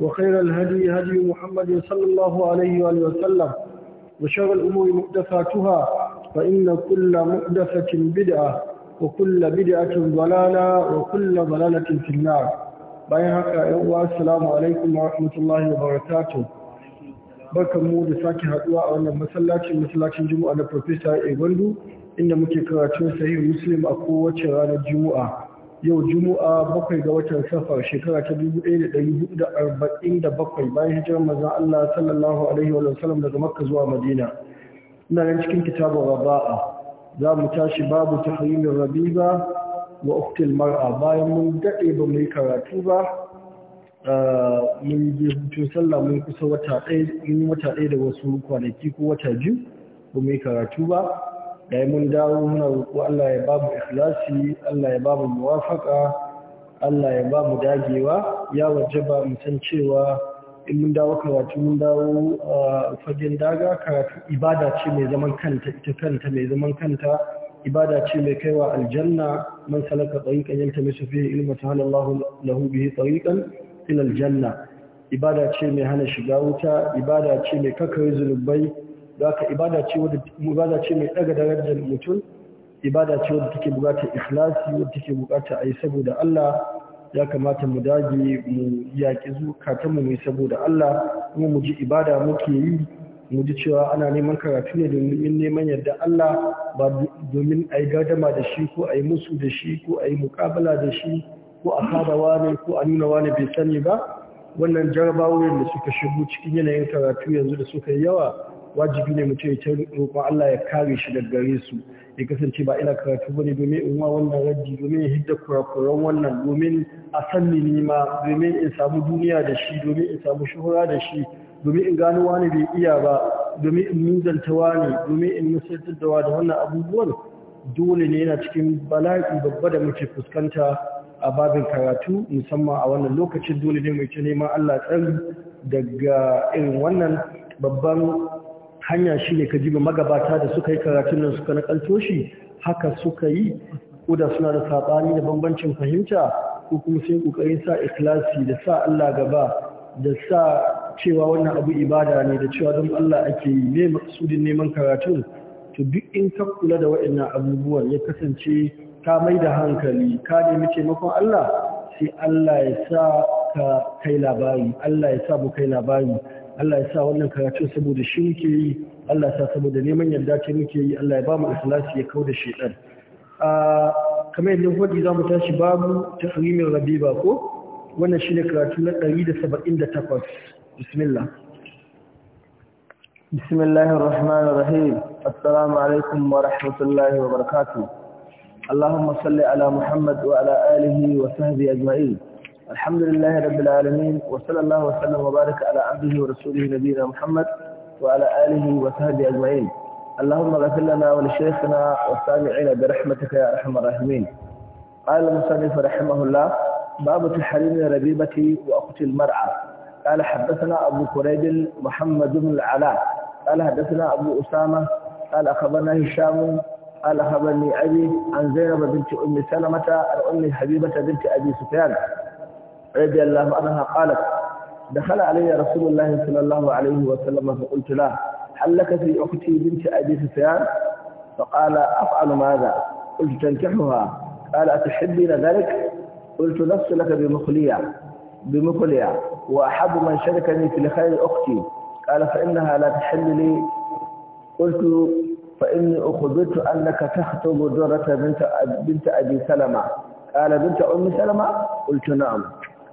وخير الهدي هدي محمد صلى الله عليه وآله وسلم وشر الأمور محدثاتها فإن كل محدثة بدعة وكل بدعة ضلالة وكل ضلالة في النار bayan haka yawa assalamu alaikum wa rahmatullahi wa barakatuh mu da sake haɗuwa a wannan masallacin masallacin jumu'a da professor egwandu inda muke karatun sahih muslim a kowace ranar jumu'a yau juma'a bakwai ga watan safar shekara ta 1447 bayan hijirar manzon Allah sallallahu alaihi wa sallam daga Makka zuwa Madina ina nan cikin kitabun Raba'a za mu tashi babu tahrimin Rabiba wa uktil mar'a bayan mun daɗe ba mu yi karatu ba mun je hutun sallah mun kusa wata ɗaya da wasu kwanaki ko wata biyu ba mu yi karatu ba dai mun dawo muna roƙo Allah ya ba mu ikhlasi Allah ya ba mu muwafaka Allah ya ba mu dagewa ya wajaba mu san cewa in mun dawo karatu mun dawo ah, fagen daga karatu ibada ce mai zaman kanta ita kanta mai zaman kanta ibada ce mai kaiwa aljanna man salaka tariqan yaltamisu fihi ilma sahalallahu lahu bihi tariqan ila aljanna ibada ce mai hana shiga wuta ibada ce mai kakkare zulubai da haka ibada ce wadda ibada ce mai daga darajar mutum ibada ce wadda take bukatar ikhlasi wadda take bukatar ayi saboda Allah ya kamata mu dage mu yaki zukatan mu saboda Allah kuma mu ji ibada muke yi mu ji cewa ana neman karatu ne domin neman yadda Allah ba domin ayi gadama da shi ko ayi musu da shi ko ayi mukabala da shi ko a kada wani ko a nuna wani bai sani ba wannan jarabawoyin da suka shigo cikin yanayin karatu yanzu da suka yi yawa wajibi ne mutum ya roƙon Allah ya kare shi daga gare su ya kasance ba ina karatu bane domin in wa wannan raddi domin ya hidda kurakuran wannan domin a san ni ma domin in samu duniya da shi domin in samu shuhura da shi domin in gano wani bai iya ba domin in muzanta wani domin in nusantar da wannan abubuwan dole ne yana cikin bala'i babba da muke fuskanta a babin karatu musamman a wannan lokacin dole ne mai ce neman Allah tsari daga irin wannan babban hanya shi ne ka jibi magabata da suka yi karatun nan suka nakalto shi haka suka yi ko da suna da saɓani da bambancin fahimta ko kuma sai ƙoƙarin sa ikilasi da sa Allah gaba da sa cewa wannan abu ibada ne da cewa don Allah ake yi ne maksudin neman karatun to duk in ka kula da waɗannan abubuwan ya kasance ta mai da hankali ka nemi taimakon Allah sai Allah ya sa ka kai labari Allah ya sa mu kai labari Allah ya sa wannan karatun saboda shi muke yi Allah ya sa saboda neman yarda ce muke yi Allah ya ba mu ikhlasi ya kauda shedan a kamar yadda hoji za mu tashi babu tahrimin rabiba ko wannan shine karatu na 178 bismillah بسم الله الرحمن الرحيم السلام عليكم ورحمة الله وبركاته اللهم صل على محمد وعلى آله وصحبه أجمعين الحمد لله رب العالمين وصلى الله وسلم وبارك على عبده ورسوله نبينا محمد وعلى آله وصحبه أجمعين اللهم اغفر لنا ولشيخنا والسامعين برحمتك يا أرحم الراحمين قال المصنف رحمه الله باب تحريم ربيبة وأخت المرأة قال حدثنا أبو كريب محمد بن العلاء قال حدثنا أبو أسامة قال أخبرنا هشام قال أخبرني أبي عن زينب بنت أم سلمة عن أم حبيبة بنت أبي سفيان رضي الله عنها قالت دخل علي رسول الله صلى الله عليه وسلم فقلت له هل لك في أختي بنت أبي سفيان فقال أفعل ماذا قلت تنكحها قال أتحبين ذلك قلت نفس لك بمخلية بمخلية وأحب من شركني في الخير أختي قال فإنها لا تحل لي قلت فإني أخبرت أنك تخطب درة بنت بنت أبي سلمة قال بنت أم سلمة قلت نعم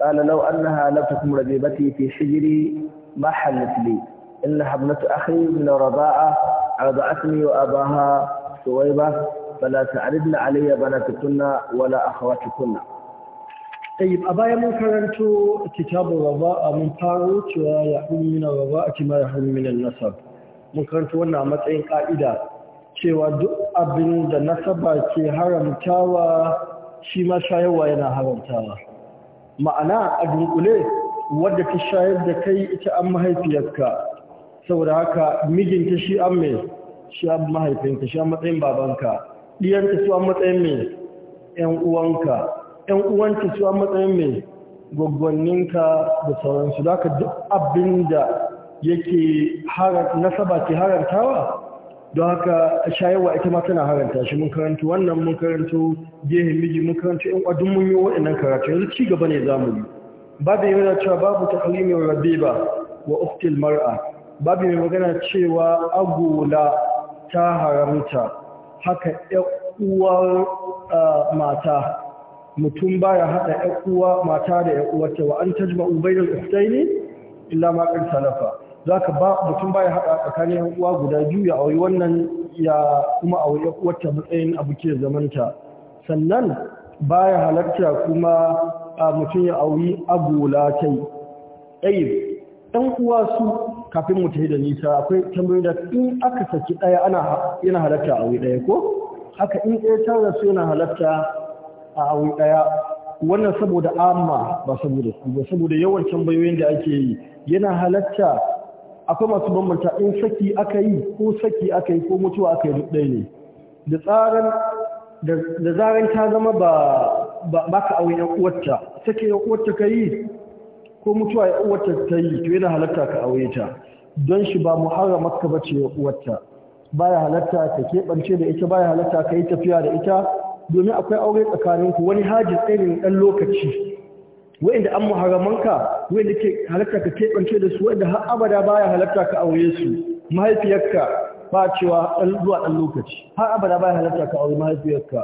قال لو أنها لفتكم ربيبتي في حجري ما حلت لي إنها ابنة أخي من رضاعة أرضعتني وأباها سويبة فلا تعرضن علي بناتكن ولا أخواتكن طيب أبايا من كررت كتاب الرضاء من فاروت ويحرم من الرضاءة ما يحرم من النسب من كررت وانا متعين قائدة cewa duk abin da nasaba ke haramtawa shi ma shayarwa yana haramtawa ma'ana a dunkule wadda ta shayar da kai ita an mahaifiyarka saboda haka mijinta shi an mai shi an mahaifinka shi an matsayin babanka ɗiyanta su an matsayin mai ‘yan uwanka ‘yan uwanta su an matsayin mai gwaggwanninka da sauransu da haka duk abin da yake nasaba ke harantawa don haka shayarwa ita ma tana haranta shi mun karanta wannan mun karanta gehen miji mun karanta yan kwadun mun yi waɗannan karatu yanzu ci gaba ne zamu yi babu yana cewa babu takalimin rabiba wa uktil mar'a babu mai magana cewa agula ta haramta haka ƴan uwar mata mutum baya hada ƴan uwa mata da ƴan uwarta wa an tajma'u bainal ukhtaini illa ma qad salafa za ka ba mutum baya haɗa tsakanin yan uwa guda biyu ya auri wannan ya kuma auri wata matsayin abu ke zamanta sannan baya halarta kuma mutum ya auri agulatai ɗayi ɗan uwa su kafin mu da nisa akwai tambayi da in aka saki ɗaya ana yana halarta a auri ɗaya ko haka in ɗaya ta rasu yana halarta a auri ɗaya wannan saboda amma ba saboda ba saboda yawan tambayoyin da ake yi yana halarta akwai masu bambanta in saki aka yi ko saki aka yi ko mutuwa aka yi duk ɗaya ne da zarar ta zama ba ba ka auren yan uwarta saki yan uwarta ka yi ko mutuwa yan uwarta ta yi to yana halatta ka aure ta don shi ba muharramar ka bace yan uwarta baya halatta ka keɓance da ita baya halatta ka yi tafiya da ita domin akwai aure tsakaninku wani haji tsirin ɗan lokaci wa'inda an muharramanka wa'inda ke halatta ka keɓance da su wa'inda har abada baya halatta ka aure su mahaifiyarka ba cewa ɗan zuwa ɗan lokaci har abada baya halatta ka aure mahaifiyarka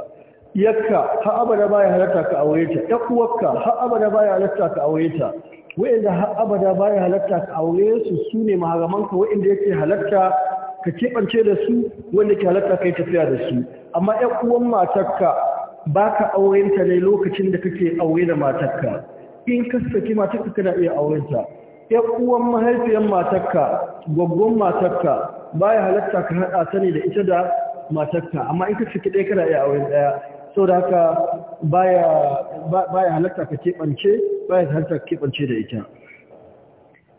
iyakka har abada baya halatta ka aure ta ɗan uwarka har abada baya halatta ka aure ta wa'inda har abada baya halatta ka aure su su ne muharramanka wa'inda yake halatta ka keɓance da su wanda ke halatta ka yi tafiya da su amma ƴan uwan matarka ba ka aurenta ne lokacin da kake aure da matarka in kasake matakka kana iya aurenta yan uwan mahaifiyar matakka gwaggon matakka ya halatta ka hada sani da ita da matakka amma in kasake dai kana iya auren daya saboda haka ba ya halatta ka ba ya halatta ka kebance da ita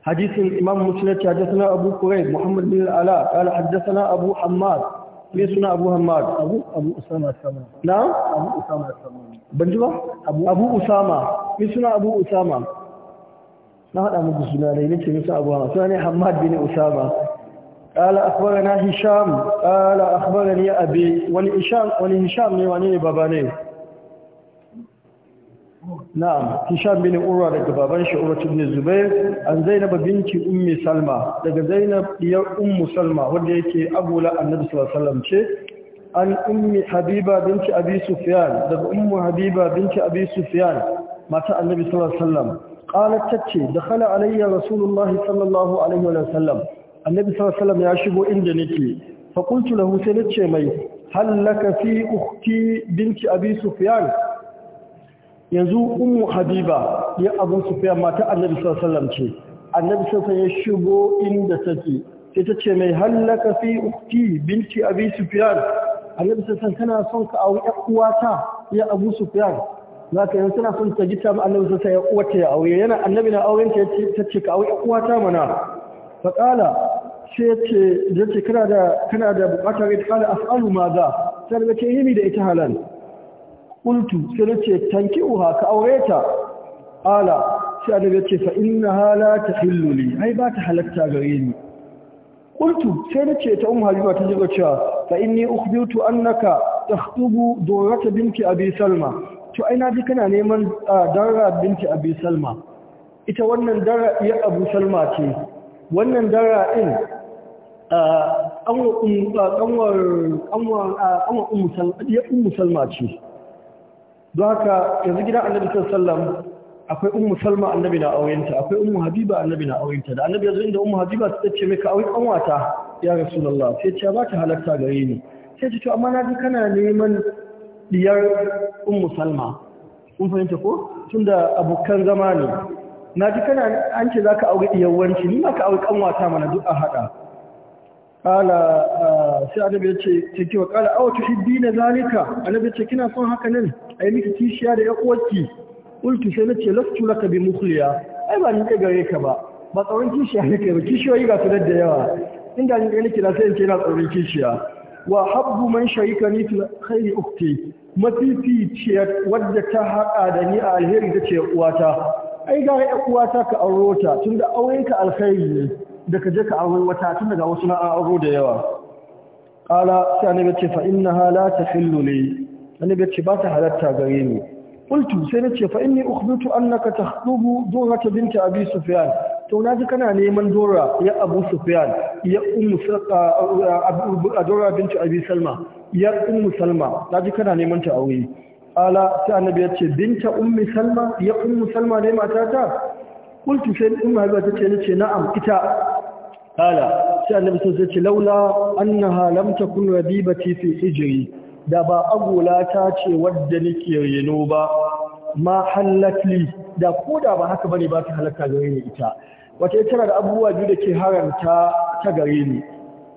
hadisin imam muslim ya na abu Kurai, muhammad bin ala qala hadathana abu hammad mai suna abu hammad abu abu usama sama na abu usama sama banjuma abu usama mi suna abu usama na haɗa muku suna dai nake musu abu hama suna ne hamad bin usama ƙala akwara na hisham ƙala akwara ni abi wani wani hisham ne wani ne baba na'am hisham bin urwa daga baban shi urwa tun ne zubai an zainaba binci ummi salma daga zainab ɗiyar ummu salma wanda yake agula annabi sallallahu alaihi ce an ummi habiba binci abi sufyan daga ummu habiba binci abi sufyan mata annabi sallallahu alaihi wasallam tace dakhala alayya rasulullah sallallahu alaihi wasallam annabi sallallahu ya shigo inda nake fa qultu lahu sai mai hal fi ukhti binti abi sufyan yanzu ummu habiba ya abu sufyan mata annabi sallallahu alaihi ce annabi sallallahu ya shigo inda take sai ce mai hal fi ukhti binti abi sufyan annabi sallallahu kana son ka auri uwata ya abu sufyan za ka yi suna sun taji ta annabi sun sai uwarta ya aure yana annabi na auren ta ta ce ka aure uwata mana fa kala sai ce ce kana da kana da bukatar ita kala as'alu ma za sai ga ce yimi eh, da ita halan. qultu sai ce tanki uha ka aure ta qala sai annabi ce fa innaha la tahillu li ai ba ta halatta gare ni qultu sai ce ta ummu habiba ta jiga cewa fa inni ukhbitu annaka تخطب دورة بنت أبي salma to ai na ji kana neman ah, darra binti abi salma ita wannan darra iya abu salma ce wannan darra din ah, kanwar um, ah, ummu salma ce don haka yanzu gidan annabi sallam akwai ummu salma annabi na auyenta akwai ummu habiba annabi na auyenta da annabi yanzu inda ummu habiba ta ce mai ka auyi kanwata ya rasulullah sai ce ba ta halarta gare ni sai ce to amma na ji kana neman diyar ummu salma kun fahimta ko tunda abokan zama ne na ji kana an ce zaka aure diyar wanci ni ma ka aure kanwata mana duk a hada kala sai annabi ya ce ki wa kala aw tuhibbina zalika annabi ce kina son haka nan ai miki kishiya da yan uwarki sai nace lastu laka bi mukhliya ai ba ni ka gare ka ba ba tsaron kishiya ne ba kishiyoyi ga su da yawa inda ni ne nake sai in ce na tsaron kishiya wa habbu man ni fil khairi ukti ce wadda ta haƙa da ni a alheri ta ce uwata ai gara ya uwata ka auro ta tunda aurenka ka alkhairi ne da ka je ka aure wata tun daga wasu na auro da yawa qala sai annabi ce fa innaha la tahillu li annabi ce ba ta halatta gare ni qultu sai na nace fa inni ukhbitu annaka takhdubu dora binti abi sufyan to na naji kana neman dora ya abu sufyan ya ummu saqa dora Binta abi salma ya ummu salma Na naji kana neman ta aure ala sai annabi ya ce binta ummi salma ya ummu salma ne ta. qultu sai ummu halba ta ce na ce na'am ita ala sai annabi sai ce laula annaha lam takun rabibati fi hijri da ba agola ta ce wadda nake reno ba ma halakli da ko da ba haka bane ba ta halaka gare ni ita wata tana da abubuwa biyu da ke haramta ta gare ni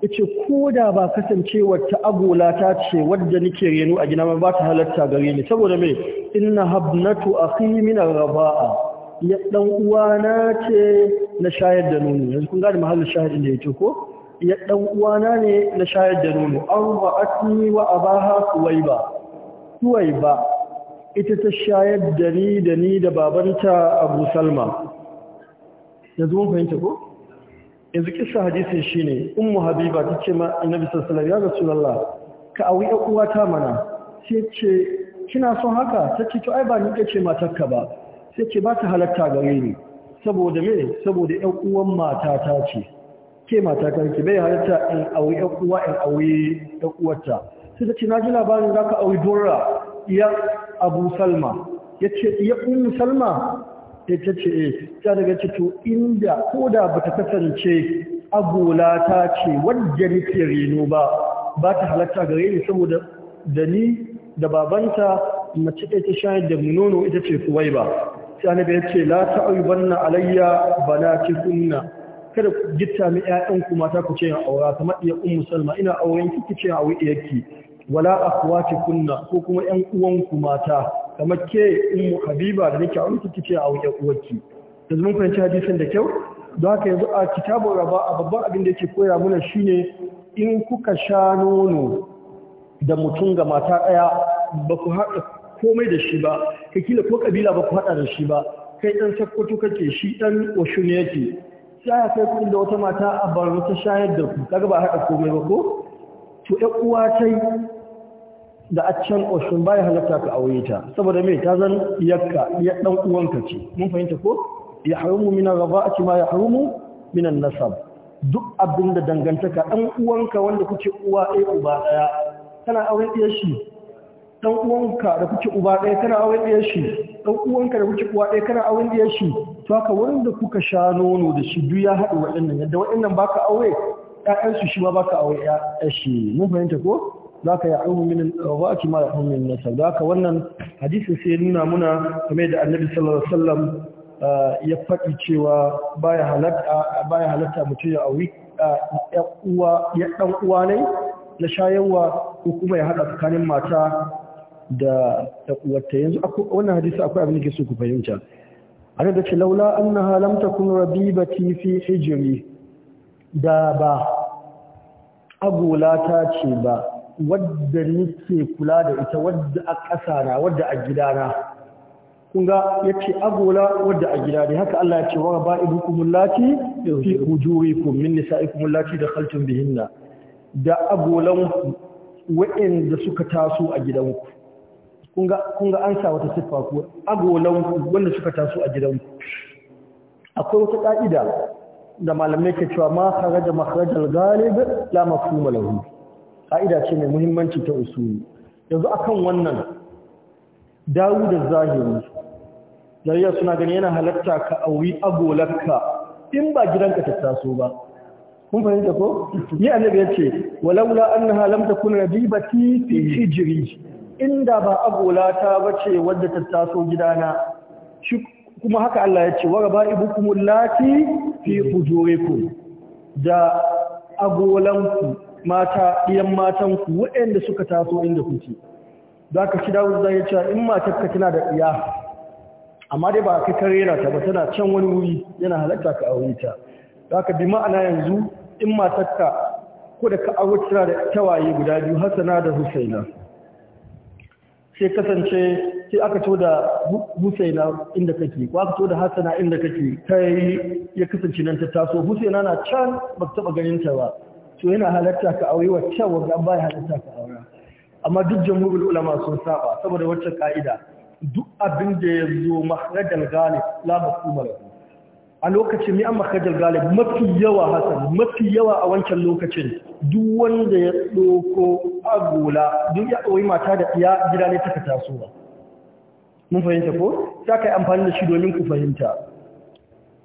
yace ko da ba kasancewar ta agola ta ce wadda nake reno a gina ba ta halarta gare ni saboda me inna habnatu akhi min raba'a ya dan uwana ce na shayar da nono yanzu kun gane mahallin shahidin da yake ko ya ɗan uwana ne na shayar da nono an wa asmi wa abaha suwaiba suwaiba ita ta shayar da ni da ni da babanta Abu Salma Ya zuwa fahimta ko yanzu kisa hadisin shine ummu habiba tace ma annabi sallallahu alaihi ya sunallah ka wuya kuwa uwata mana sai ce kina son haka Ta ce to ai ba ni kace matarka ba sai ce ba ta halatta gare ni saboda me saboda ƴan uwan mata ta ce ke mata bai halitta in aure yan uwa in aure yan sai ta ce na ji labarin ka auri dora iya abu salma ya ce iya ummu salma ya ce ce eh. ta daga cito inda ko da bata kasance agola ta ce wadda nake reno ba ba ta halatta gare ni saboda da ni da babanta mace ɗaya ta shayar da nono ita ce kuwai ba sai annabi ya ce la ta'ayubanna alayya kunna. kada ku gitta mi ƴaƴan ku mata ku ce a aura ta iya ummu salma ina auren ki kice a wuya ki wala akhwati kunna ko kuma ƴan uwan ku mata kamar ke ummu habiba da nake auren ki kice a wuya uwarki yanzu mun fahimci hadisin da kyau don haka yanzu a kitabun raba a babban abin da yake koya mana shine in kuka sha nono da mutum ga mata ɗaya ba ku haɗa komai da shi ba ka kila ko kabila ba ku haɗa da shi ba kai ɗan sakkwato kake shi ɗan washu ne yake sai kai ku da wata mata a barno ta shayar da ku kaga ba haɗa komai ba ko to ƴan uwa tai da a can ocean baya halatta ka aure ta saboda me ta zan yakka iya dan uwanka ce mun fahimta ko ya harumu min raba'ati ma ya harumu min nasab duk abinda dangantaka dan uwanka wanda kuke uwa ɗaya uba ɗaya kana auren iya shi Ɗan uwanka da kuke uba ɗaya kana awon ɗaya shi dan uwanka da kuke uwa ɗaya kana awon ɗaya shi to haka wurin da kuka sha nono da shi duk ya haɗu waɗannan yadda waɗannan baka aure ƴaƴan su shi ma baka aure ƴaƴan shi mun fahimta ko za ka yi aure min wa'ati ma ya aure min nasab da haka wannan hadisin sai nuna muna game da annabi sallallahu alaihi wasallam eh, ya faɗi cewa baya halatta baya halatta mutum ya aure eh, ya uwa ya ɗan uwa ne na shayarwa ko kuma ya haɗa tsakanin mata da wata yanzu wannan hadisi akwai abin da ke so ku fahimta ana da ce laula annaha lam takun rabibati fi hijri da ba ta ce ba wadda nake kula da ita wadda a ƙasa na wadda a gida na. kun ga yace agola wadda a gida ne haka Allah ya ce wa ba'idukum lati fi hujurikum min nisa'ikum lati dakhaltum bihinna da agolan da suka taso a gidanku Kunga ga an sa wata siffa ku agolanku wanda suka taso a gidanku akwai wata ka'ida da malamai ke cewa ma kharaja makharajal ghalib la mafhuma lahu ka'ida ce mai muhimmanci ta usuli yanzu akan wannan dawo da zahiri jariya suna gani yana halatta ka auri agolarka in ba gidanka ta taso ba kun fahimta ko ni annabi yace walaula annaha lam takuna rabibati fi hijri inda ba agolata ba ce wadda ta taso gidana shi kuma haka Allah ya ce wa raba ibukumul lati fi hujurikum da agolanku mata matan matanku waɗanda suka taso inda kuke za ka dawo zai cewa in matarka tana da ɗiya amma dai ba ka karera ta ba tana can wani wuri yana halatta ka aure ta zaka bi ma'ana yanzu in matarka ko da ka aure tana da tawaye guda biyu hasana da husaina sai kasance sai aka to da Husaina inda kake ko aka to da Hassana inda kake kai ya kasance nan ta taso Husaina na can ba ta taba ganin ta ba to yana halatta ka aure wacce wanda ba ya halatta ka aure amma duk jami'ul ulama sun saba saboda wacce ka'ida duk abin da ya zo mahragal ghalib la masumara a lokacin ni an makajar galib mafi yawa hasan mafi yawa a wancan lokacin duk wanda ya ɗoko agola duk ya ɗoyi mata da ya gida ne taka tasowa mun fahimta ko za ka yi amfani da shi domin ku fahimta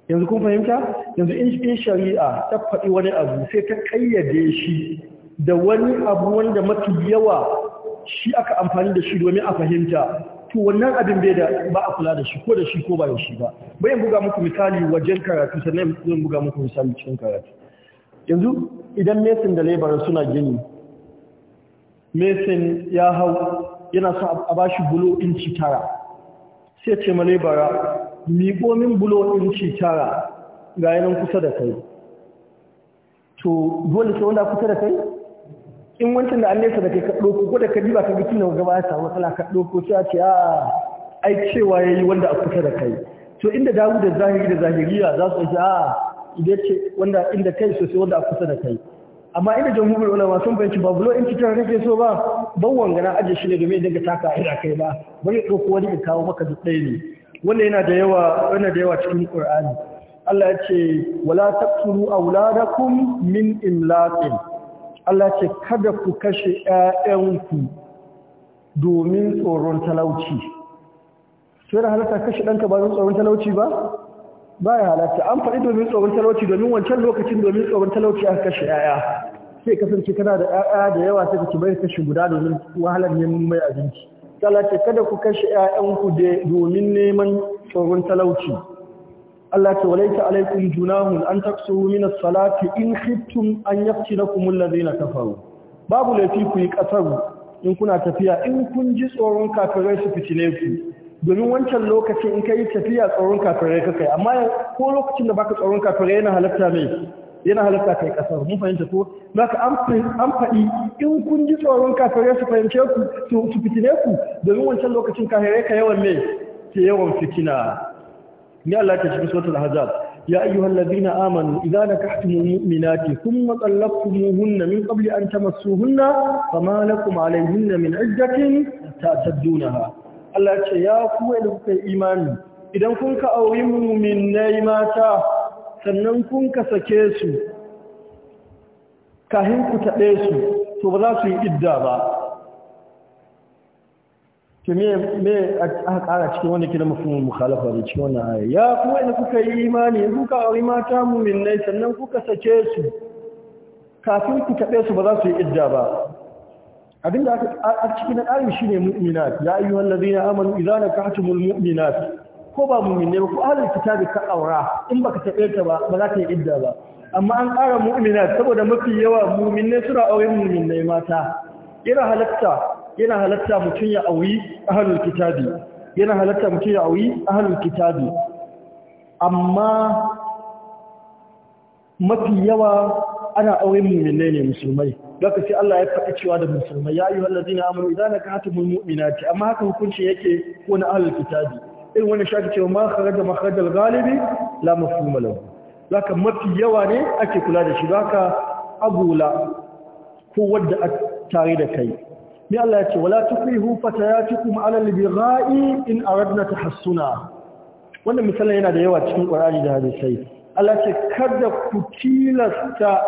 yanzu kun fahimta yanzu in shari'a ta faɗi wani abu sai ta ƙayyade shi da wani abu wanda mafi yawa shi aka amfani da shi domin a fahimta to wannan abin bai da ba a kula da shi ko da shi ko ba yaushe ba bayan buga muku misali wajen karatu sannan zan buga muku misali cikin karatu yanzu idan mesin da labar suna gini mesin ya hau yana sa a bashi bulo inci tara sai ce ma lebara miƙo min bulo inci tara ga yanan kusa da kai to dole sai wanda kusa da kai in wancan da an nesa da kai ka ɗauko ko da ka ba ka ga kila gaba ya samu matsala ka ɗauko sai a ce a ah, ai cewa ya yi wanda a kusa da kai to inda dawo da zahiri da zahiriya za su ce a ah, idan ce wanda inda kai sosai wanda a kusa da kai amma inda jamhuriyar ulama sun fahimci ba bulo in cikin kake so ba ban na aje shi ne domin daga taka a kai ba bari ɗauko wani in kawo maka duk ɗaya ne wanda yana da yawa yana da yawa cikin qur'ani Allah ya ce wala taqtulu awladakum min imlaqin Allah ce kada ku kashe ƴaƴanku domin tsoron talauci. Sai da halatta kashe ɗanka ba don tsoron talauci ba? Ba ya halatta, an faɗi domin tsoron talauci domin wancan lokacin domin tsoron talauci aka kashe ƴaƴa Sai kasance kana da ƴaƴa da yawa sai ka ci bai kashe guda domin wahalar neman mai abinci. Allah ce kada ku kashe ƴaƴanku domin neman tsoron talauci. Allah ce walaita alaikum junahun an taksuru min as-salati in khiftum an yaftinakum alladhina kafaru babu laifi ku yi kasaru in kuna tafiya in kun ji tsoron kafirai su fitine ku domin wancan lokacin in kai tafiya tsoron kafirai kakai amma ko lokacin da baka tsoron kafirai yana halatta mai yana halatta kai kasar mun fahimta ko zaka an faɗi in kun ji tsoron kafirai su fahimce ku su fitine ku domin wancan lokacin kafirai ka yawan mai ke yawan fitina ni Allah ta cikin suratul ahzab ya ayyuhal amanu idza nakahtumul mu'minati thumma talaqtumuhunna min qabli an tamassuhunna fama lakum alayhinna min iddatin ta'taddunaha Allah ce ya ku da kuka imani idan kun ka auri mu'minai mata sannan kun ka sake su kahin ku taɓe su to ba za su yi idda ba to me me aka kara cikin wani kira mafhumul mukhalafa da cikin wannan aya ya kuma in kuka yi imani kuka auri mata mu'minai sannan kuka sake su kafin ku tabe su ba za su yi idda ba abinda aka a cikin ayu shine mu'minat ya ayyuhal ladina amanu idza nakahtumul mu'minat ko ba mu'minai ba ko ahlul kitabi ka aura in baka tabe ta ba ba za ta yi idda ba amma an kara mu'minat saboda mafi yawa mu'minai suna auren mu'minai mata ira halatta yana halatta mutum ya auri ahlul kitabi yana halatta mutum ya kitabi amma mafi yawa ana auren mu'minai ne musulmai daga sai Allah ya faɗi cewa da musulmai ya ayyuhal ladina amanu idan nakahatumul mu'minati amma haka hukunci yake ko na ahlul kitabi irin wani shafi cewa ma kharaja galibi ghalibi la mafhuma lahu zaka mafi yawa ne ake kula da shi zaka abula ko wanda tare da kai ni Allah ya ce wala tukrihu fatayatikum ala al-bigha'i in aradna tahassuna wannan misalan yana da yawa cikin Qur'ani da hadisi Allah ce kada ku tilasta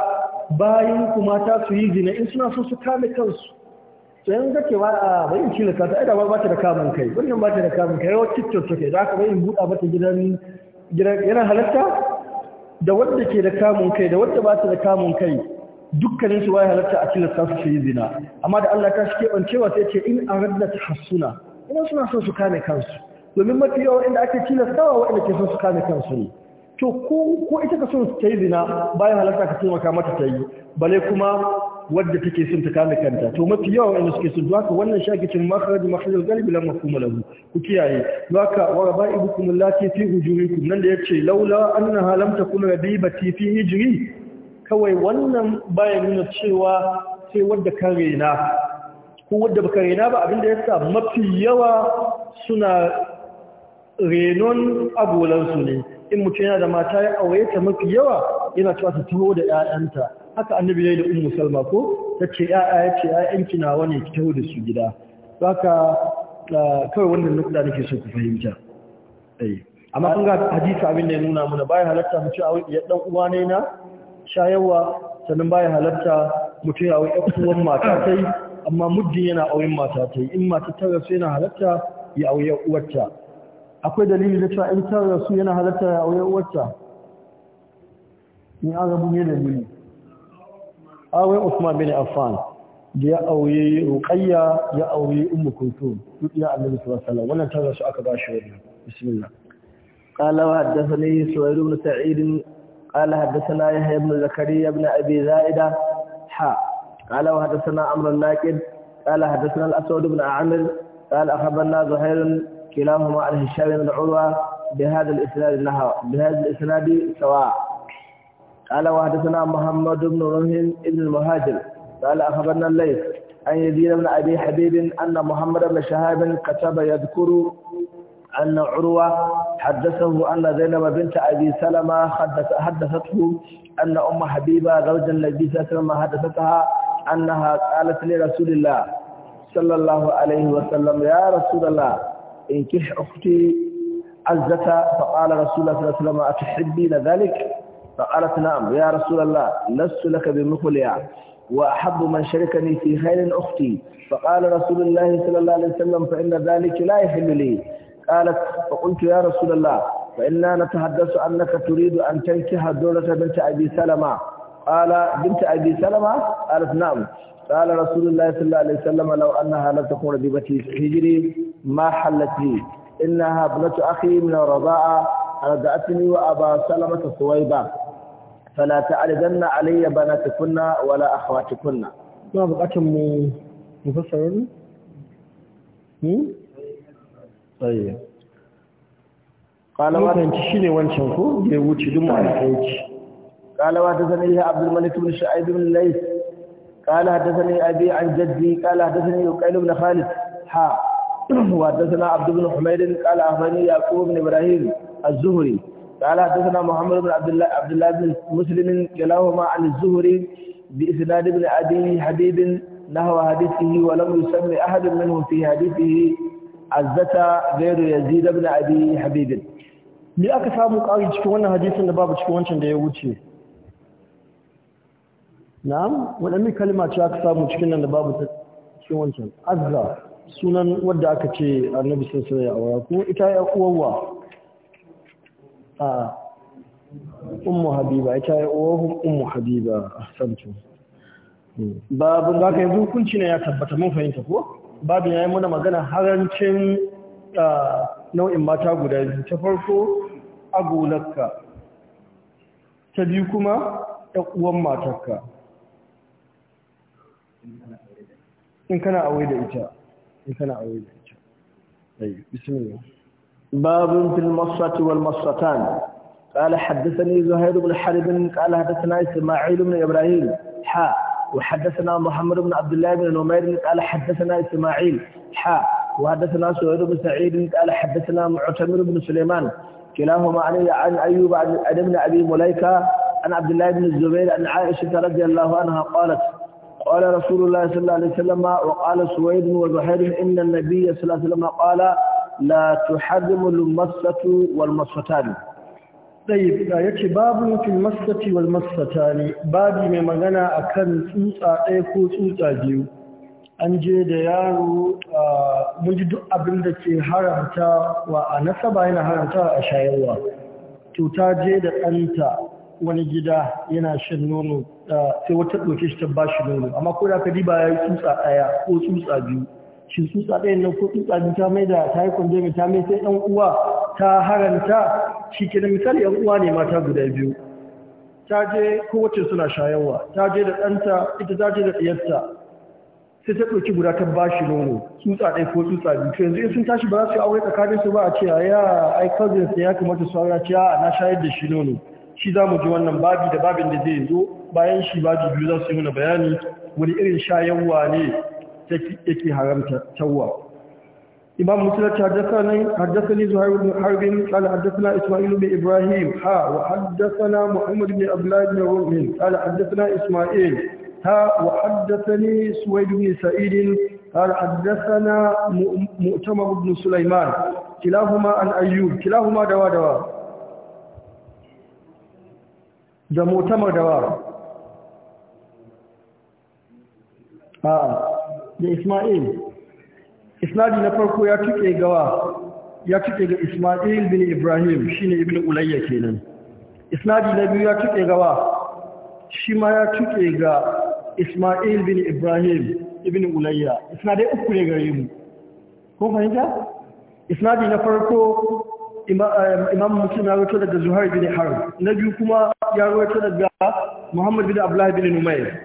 bayin ku mata su yi zina in suna so su kame kansu to yanzu kake ba a bayin tilasta ta aida ba ta da kamun kai wannan ba ta da kamun kai wacce TikTok take da aka bayin buɗa mata gidan gidan yana halatta da wanda ke da kamun kai da wanda ba ta da kamun kai dukkanin su waye halatta a tilasta su su yi zina amma da Allah ta shi bancewa sai ce in aradna tahassuna ina suna son su kame kansu domin mafi yawa inda ake wa waɗanda ke son su kame kansu ne to ko ko ita ka son ta yi zina bayan halarta ka taimaka mata ta yi bale kuma wadda take son ta kame kanta to mafi yawa waɗanda suke son haka wannan shakicin makaraj makarajin galibi lamma kuma lahu ku kiyaye haka wa raba'ibukum allati fi hujurikum nan da yace laula annaha lam takun rabibati fi hijri kawai wannan baya nuna cewa sai wadda ka rena ko wadda baka rena ba abinda sa mafi yawa suna renon abolansu ne in mutum yana da mata ya aure ta mafi yawa yana cewa ta taho da 'ya'yanta haka annabi ya da ummu salma ko ta ce ya'ya ya ce ‘ya'yanki na wani ki taho da su gida ba ka ah, kawai wannan nukuda nake so ku fahimta eh, amma kun ga hadisa abin da ya nuna muna bayan halatta mu ci a wani ɗan uwa ne na shayarwa sannan baya halatta mutum ya auri uwan mata tai amma muddin yana auren mata tai in mata ta rasu yana halatta ya aure uwarta akwai dalili da cewa in ta rasu yana halatta ya aure uwarta ni an rabu ne dalili aure Usman bin Affan da ya aure Ruqayya ya aure Ummu Kulthum duk ya Annabi sallallahu alaihi wasallam wannan ta rasu aka shi wannan bismillah قال وحدثني سويد بن سعيد قال حدثنا يحيى بن زكريا بن أبي زائدة حا قال وحدثنا عمرو الناكد قال حدثنا الأسود بن عامر قال أخبرنا زهير كلاهما عن هشام بن عروة بهذا الإسناد النهار بهذا الإسناد سواء قال وحدثنا محمد بن رمح بن المهاجر قال أخبرنا الليث عن يزيد بن أبي حبيب أن محمد بن شهاب كتب يذكر أن عروة حدثه أن زينب بنت أبي سلمة حدثته أن أم حبيبة زوج النبي صلى الله عليه وسلم حدثتها أنها قالت لرسول الله صلى الله عليه وسلم يا رسول الله انكح أختي عزة فقال رسول الله صلى الله عليه وسلم أتحبين ذلك فقالت نعم يا رسول الله لست لك بمخلع وأحب من شركني في خير أختي فقال رسول الله صلى الله عليه وسلم فإن ذلك لا يحل لي قالت فقلت يا رسول الله فإنا نتحدث أنك تريد أن تنكح دورة بنت أبي سلمة قال بنت أبي سلمة قالت نعم قال رسول الله صلى الله عليه وسلم لو أنها لم تكون ربيبتي هجري ما حلت لي إنها ابنة أخي من الرضاعة رضعتني وأبا سلمة صويبة فلا تعرضن علي بناتكن ولا أخواتكن ما بقتم مفسرون؟ tsaye kalawatanci shi ne wancan ko ya wuce duk ma'aikaci kalawa ta sanar ya abu malik ibn shu'aib lais kala ta sanar abi an jaddi kala ta sanar yuqail ibn khalid ha ibrahim قال حدثنا محمد بن عبد الله عبد الله بن مسلم كلاهما عن الزهري بإسناد ابن أبي حبيب نحو حديثه ولم يسمي أحد منهم في azzata gairu yazid ibn abi habib me aka samu ƙari cikin wannan hadisin da babu cikin wancan da ya wuce na'am wadanne kalma ce aka samu cikin nan da babu cikin wancan azza sunan wanda aka ce annabi sallallahu alaihi wasallam ko ita ya uwa a ummu habiba ita ya uwa ummu habiba ahsantu babu zaka kai hukunci ne ya tabbata mun fahimta ko Babin ya yi muna magana harancin nau'in mata guda yi ta farko agolarka ta biyu kuma ɗan'uwan matarka in kana aure da ita in kana awai da ita ɗai bismillah babin fil masati wal masatan قال حدثني زهير بن حرب قال حدثنا إسماعيل بن إبراهيم حاء وحدثنا محمد بن عبد الله بن نمير قال حدثنا إسماعيل ح وحدثنا سعيد بن سعيد قال حدثنا معتمر بن سليمان كلاهما عن أيوب عن ابن أبي مليكة عن عبد الله بن الزبير عن عائشة رضي الله عنها قالت قال رسول الله صلى الله عليه وسلم وقال سويد وزهير إن النبي صلى الله عليه وسلم قال لا تحرم المصة والمصتان ɗaya da ya ce babu nufin masati wal ne babu mai magana a kan tsutsa ɗaya ko tsutsa biyu an je da yaro mun ji duk abin da ke haramta wa a nasaba yana haramta a shayarwa to ta je da ɗanta wani gida yana shan nono sai wata ɗauke shi ta ba shi nono amma ko da ka diba ya yi tsutsa ɗaya ko tsutsa biyu shi tsutsa ɗaya nan ko tsutsa biyu ta mai da ta yi kwanje mai ta mai sai ɗan uwa ta haranta shi ke da misali yan uwa ne mata guda biyu ta je kowace suna shayarwa ta je da ɗanta ita ta je da ɗiyarta sai ta ɗauki guda ta ba shi nono tsutsa ɗaya ko tsutsa biyu to yanzu in sun tashi ba za su yi aure tsakanin su ba a ce ya ai cousins ya kamata su aure a ce a na shayar da shi nono shi za mu ji wannan babi da babin da zai zo bayan shi babi biyu za su yi mana bayani wani irin shayarwa ne yake haramta tawwa imam musulat ta haddasa ne haddasa ne zuwa haddasa na isma'ilu mai ibrahim ha wa haddasa na muhammadu abdullahi mai rumin haddasa na isma'il ha wa haddasa ne suwaidu mai sa'idin haddasa na mutama ibn sulaiman kilahuma an ayyub kilahuma dawa dawa da mutama dawa ha da isma'il isnadi na farko ya tuke gawa ya tuke ga Isma'il bin Ibrahim shine ibnu Ulayya kenan isnadi na biyu ya tuke gawa shi ma ya tuke ga Isma'il bin Ibrahim ibnu Ulayya isnadi uku ne gare mu ko fahimta isnadi na farko eh, imam muslim ya rawaito daga zuhair bin harb na biyu kuma ya rawaito daga muhammad bin abdullahi bin numayr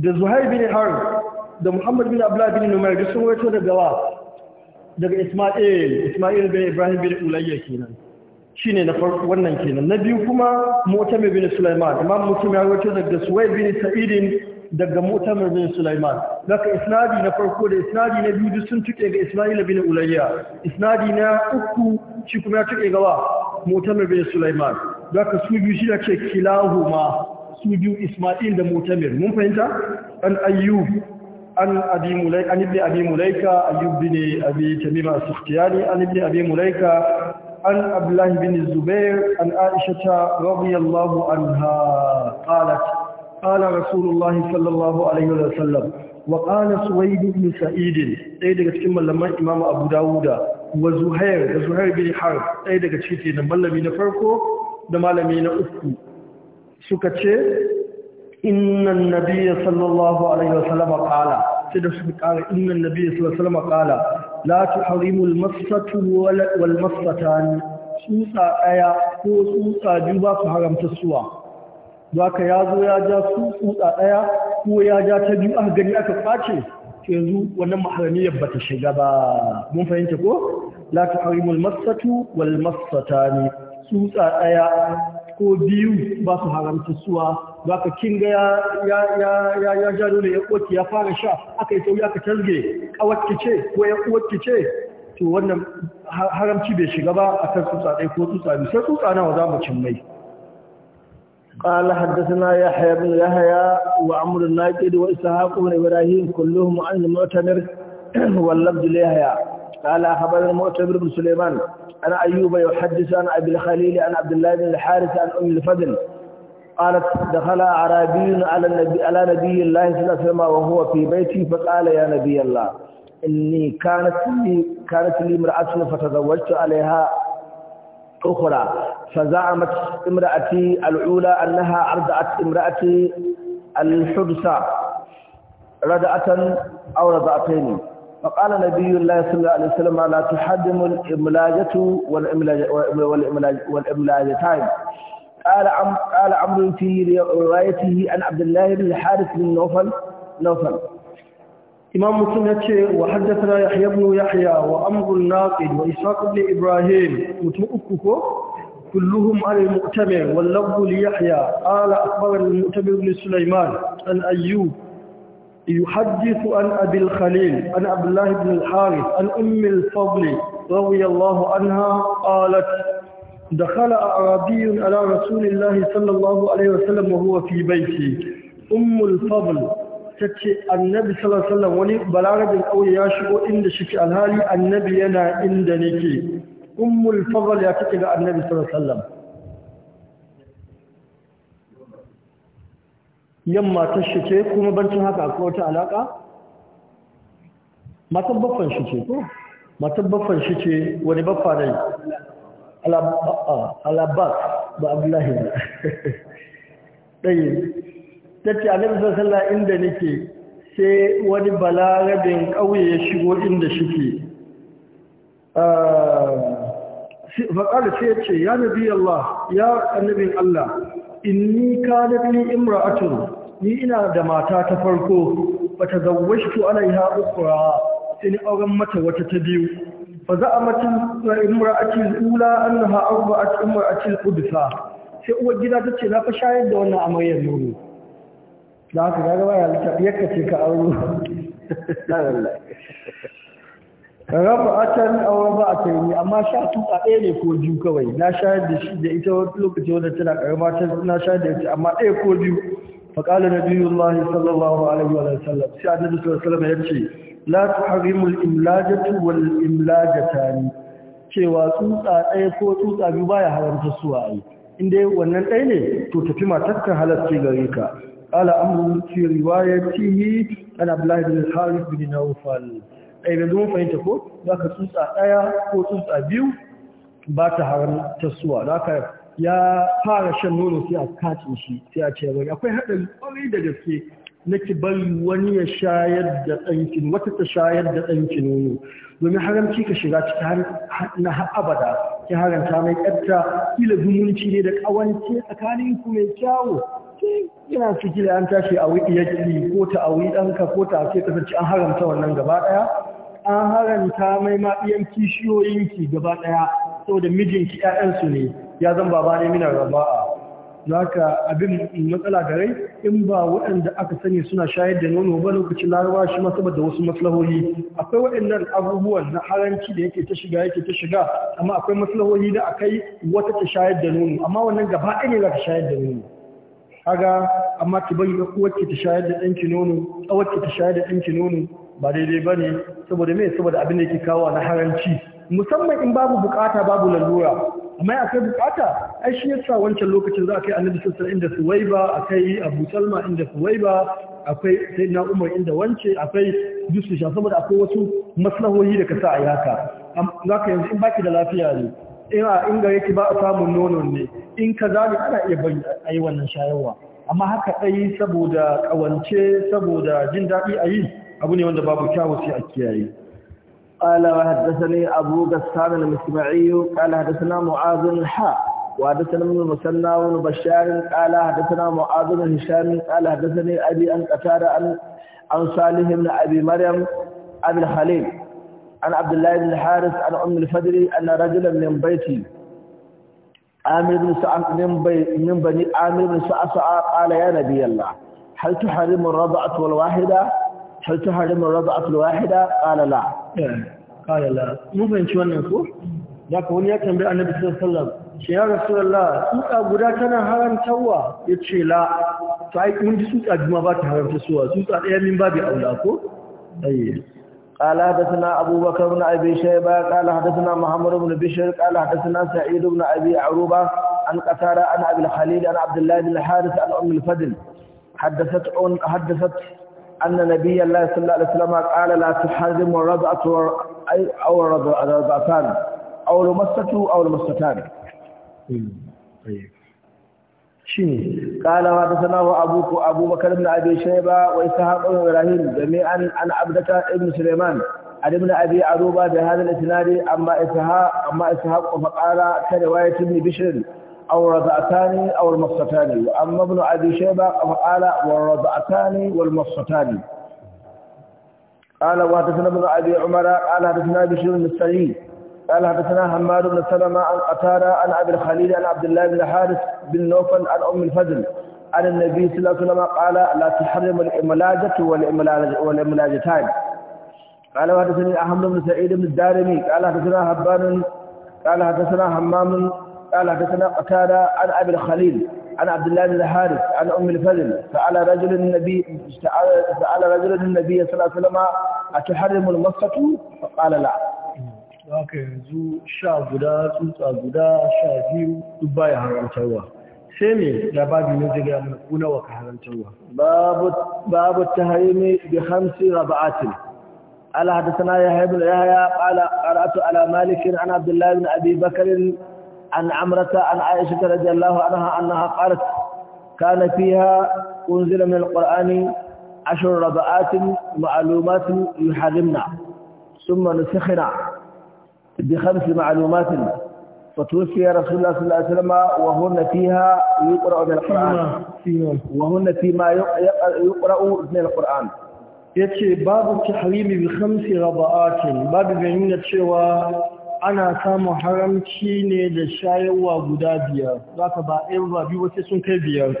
da zuhair bin harb da Muhammad bin Abdullah bin numar duk sun wato da gawa daga Isma'il Isma'il bin Ibrahim bin Ulayya kenan shine na farko wannan kenan na biyu kuma Motamir bin Sulaiman Imam mutum ya wato daga Suwaid bin Sa'id daga Motamir bin Sulaiman daga isnadi na farko da isnadi na biyu duk sun tuke ga Isma'il bin Ulayya isnadi na uku shi kuma ya tuke gawa Motamir bin Sulaiman daga su biyu shi da ke kilahuma su biyu Isma'il da Motamir. mun fahimta an ayyub an abi mulaika an ibni abi mulaika ayyub bin abi tamima as-sukhtiyani an ibni abi mulaika an abdullah bin zubair an aisha radhiyallahu anha qala rasulullah sallallahu alayhi wa sallam wa qala suwayd bin daga cikin mallaman imam abu dawuda wa zuhair da zuhair bin harb ɗaya daga cikin mallami na farko da malami na uku suka ce innan nabiyya sallallahu alaihi wasallam qala sai da suka kara innan nabiyya sallallahu alaihi wasallam qala la tuharimul masatu wal masatan tsutsa daya ko tsutsa biyu ba su haramta suwa zaka yazo ya ja tsutsa daya ko ya ja ta biyu aka gani aka kwace yanzu wannan mahramiyar bata shiga ba mun fahimta ko la tuharimul masatu wal masatani tsutsa daya ko biyu ba su haramta suwa ba ka kinga ya ja dole ya koki ya fara sha aka yi sauri aka targe kawakki ce ko ya koki to wannan haramci bai shiga ba a kan tsutsa ɗai ko tsutsa biyu sai tsutsa nawa za mu cin mai قال حدثنا يحيى بن يحيى وعمر الناقد وإسحاق بن إبراهيم كلهم عن المعتمر واللفظ ليحيى قال أخبرنا المؤتمر بن سليمان أنا أيوب يحدث عن أبي الخليل عن عبد الله بن الحارث عن أم الفضل قالت دخل أعرابي على النبي على نبي الله صلى الله عليه وسلم وهو في بيتي فقال يا نبي الله إني كانت لي كانت لي امرأة فتزوجت عليها أخرى فزعمت امرأتي الأولى أنها أرضعت امرأتي الحدثة رضعة أو رضعتين فقال نبي الله صلى الله عليه وسلم لا تحدم الإملاجة والإملاجتان قال عم قال عمرو في روايته عن عبد الله بن الحارث بن نوفل نوفل إمام مسلم يتشي وحدثنا يحيى بن يحيى وأمر الناقد وإسحاق بن إبراهيم متوقفه كلهم على المؤتمر واللفظ ليحيى قال أخبر المؤتمر بن سليمان عن أيوب يحدث عن أبي الخليل عن عبد الله بن الحارث عن أم الفضل رضي الله عنها قالت دخل أعرابي على رسول الله صلى الله عليه وسلم وهو في بيتي أم الفضل تتي النبي صلى الله عليه وسلم ولي بلاغة الأول ياشق عند شك الهالي النبي ينا عند نكي أم الفضل يتكي النبي صلى الله عليه وسلم yamma ta shi ce kuma barcin haka ko wata alaƙa matan baffan shi ce ko matan baffan shi ce wani baffa ne alabat ba abdullahi ne ɗaya ta ce a nufisar sallah inda nake sai wani balarabin ƙauye ya shigo inda shi ke ah, faƙar sai ya ce ya nabi Allah ya annabin Allah inni kanat li imra'atun ni ina da mata ta farko bata zawwashtu alaiha ukra sai ni auren mata wata ta biyu fa za a matan imra'atil ula annaha arba'at cikin qudsa sai uwar gida ta ce na fa shayar da wannan amaryar nono da haka ga baya yakka ce ka auro ba a tarihi amma sha tuka ɗaya ne ko biyu kawai na shayar da shi da ita lokaci wanda tana karama ta na shayar da ita amma ɗaya ko biyu faƙalar nabiyullahi sallallahu alaihi wa sallam sai annabi sallallahu alaihi wa sallam ya ce la tuharimul imlajatu wal imlajatani cewa tsutsa ɗaya ko tsutsa biyu baya haramta su a yi inda wannan ɗaya ne to tafi matakka halarci gare ka qala amru fi riwayatihi an abdullah bin harith bin nawfal ai yanzu mun fahimta ko zaka tsutsa ɗaya ko tsutsa biyu ba ta haramta su a zaka ya fara shan nono sai a kace shi sai a ce wani akwai haɗari kwarai da gaske na ki bar wani ya shayar da ɗanki wata ta shayar da ɗanki nono domin haramci ka shiga ciki na abada ki haranta mai ƙarta kila zumunci ne da ƙawance tsakanin ku mai kyawu yana su kila an tashi a wuɗi yaki ko ta a wuɗi ɗanka ko ta ake kasance an haramta wannan gaba ɗaya an haramta mai ma kishiyoyinki gaba ɗaya saboda mijinki ƴaƴansu ne ya zan baba ne mina raba'a naka abin matsala gare in ba waɗanda aka sani suna shayar da nono ba lokacin laruwa shi ma saboda wasu maslahohi akwai waɗannan abubuwan na haranci da yake ta shiga yake ta shiga amma akwai maslahohi da akai wata ta shayar da nono amma wannan gaba ɗaya ne za ka shayar da nono kaga amma ki bari ga ki ta shayar da ɗanki nono ƙawarki ta shayar da ɗanki nono ba daidai ba ne saboda me saboda abin da yake kawo na haranci musamman in babu bukata babu lalura amma akwai bukata ai shi ya yasa wancan lokacin za a kai annabi sassan inda suwaiba akai abu salma inda suwaiba akwai na umar inda wance akwai dusu sha saboda akwai wasu maslahohi da ka sa a yaka za ka yanzu in baki da lafiya ne in in gare ki ba a samun nono ne in ka ne ana iya bari yi wannan shayarwa amma haka ɗai saboda ƙawance saboda jin daɗi a yi abu ne wanda babu kyawu sai a kiyaye قال وحدثني أبو قسام المسمعي قال حدثنا معاذ الحاء وحدثنا من مسنى بن بشار قال حدثنا معاذ بن هشام قال حدثني أبي أن قتادة عن عن صالح بن أبي مريم أبي الخليل عن عبد الله بن الحارث عن أم الفدري أن رجلا من بيتي عامر بن سعد من بني عامر بن سعد قال يا نبي الله هل تحرم الرضعة والواحدة هل تحرم الرضاعة الواحدة؟ قال لا نعم. قال لا مو فهمت شو النصو؟ ذاك هو يكلم بالنبي صلى الله عليه وسلم يا رسول الله سوق غدا كان حرام سوا يتشي لا فاي كون دي سوق اجما با حرام سوا سوق ايا من باب اولى كو اي قال حدثنا ابو بكر بن ابي شيبه قال حدثنا محمد بن بشير قال حدثنا سعيد بن ابي عروبه عن قتاده عن ابي الخليل عن عبد الله بن الحارث عن ام الفضل حدثت حدثت أن نبي الله صلى الله عليه وسلم قال لا تحرم الرضعة أو الرضعتان أو المستة أو المستتان طيب قال وحدثناه أبوك أبو بكر بن أبي شيبة وإسحاق بن إبراهيم جميعا عن عبدة بن سليمان عن ابن أبي عروبة بهذا الإسناد أما إسحاق أما إسحاق فقال كرواية ابن بشر أو رضعتان أو المصتان وأما ابن أبي شيبة قال والرضعتان والمصتان قال وحدثنا ابن أبي عمر قال حدثنا بشير بن السعيد قال حدثنا حماد بن سلمة عن قتادة عن أبي الخليل عن عبد الله بن حارث بن نوفل عن أم الفضل عن النبي صلى الله عليه وسلم قال لا تحرم الإملاجة والإملاجتان قال وحدثني أحمد بن سعيد بن الدارمي قال حدثنا حبان قال حدثنا حمام قال حدثنا قتادة عن أبي الخليل عن عبد الله بن الحارث عن أم الفضل فعلى رجل النبي فعلى رجل النبي صلى الله عليه وسلم أتحرم المصة فقال لا haka yanzu sha guda tsutsa guda sha biyu duk baya harantarwa sai me labari ne zai gaya mana kuna wa ka harantarwa babu tahrimi bi khamsi rabaatin ala hadathana yahya ibn yahya qala qara'tu ala malik an abdullah ibn abi bakr عن عمرة عن عائشة رضي الله عنها أنها قالت كان فيها أنزل من القرآن عشر ربعات معلومات يحرمنا ثم نسخنا بخمس معلومات فتوفي رسول الله صلى الله عليه وسلم وهن فيها يقرأ من القرآن وهن فيما يقرأ من القرآن يتشي باب التحريم بخمس khamsi باب babu bayyana ana samun haramci ne da shayarwa guda biyar za ka ba ɗaya ba biyu wace sun kai biyar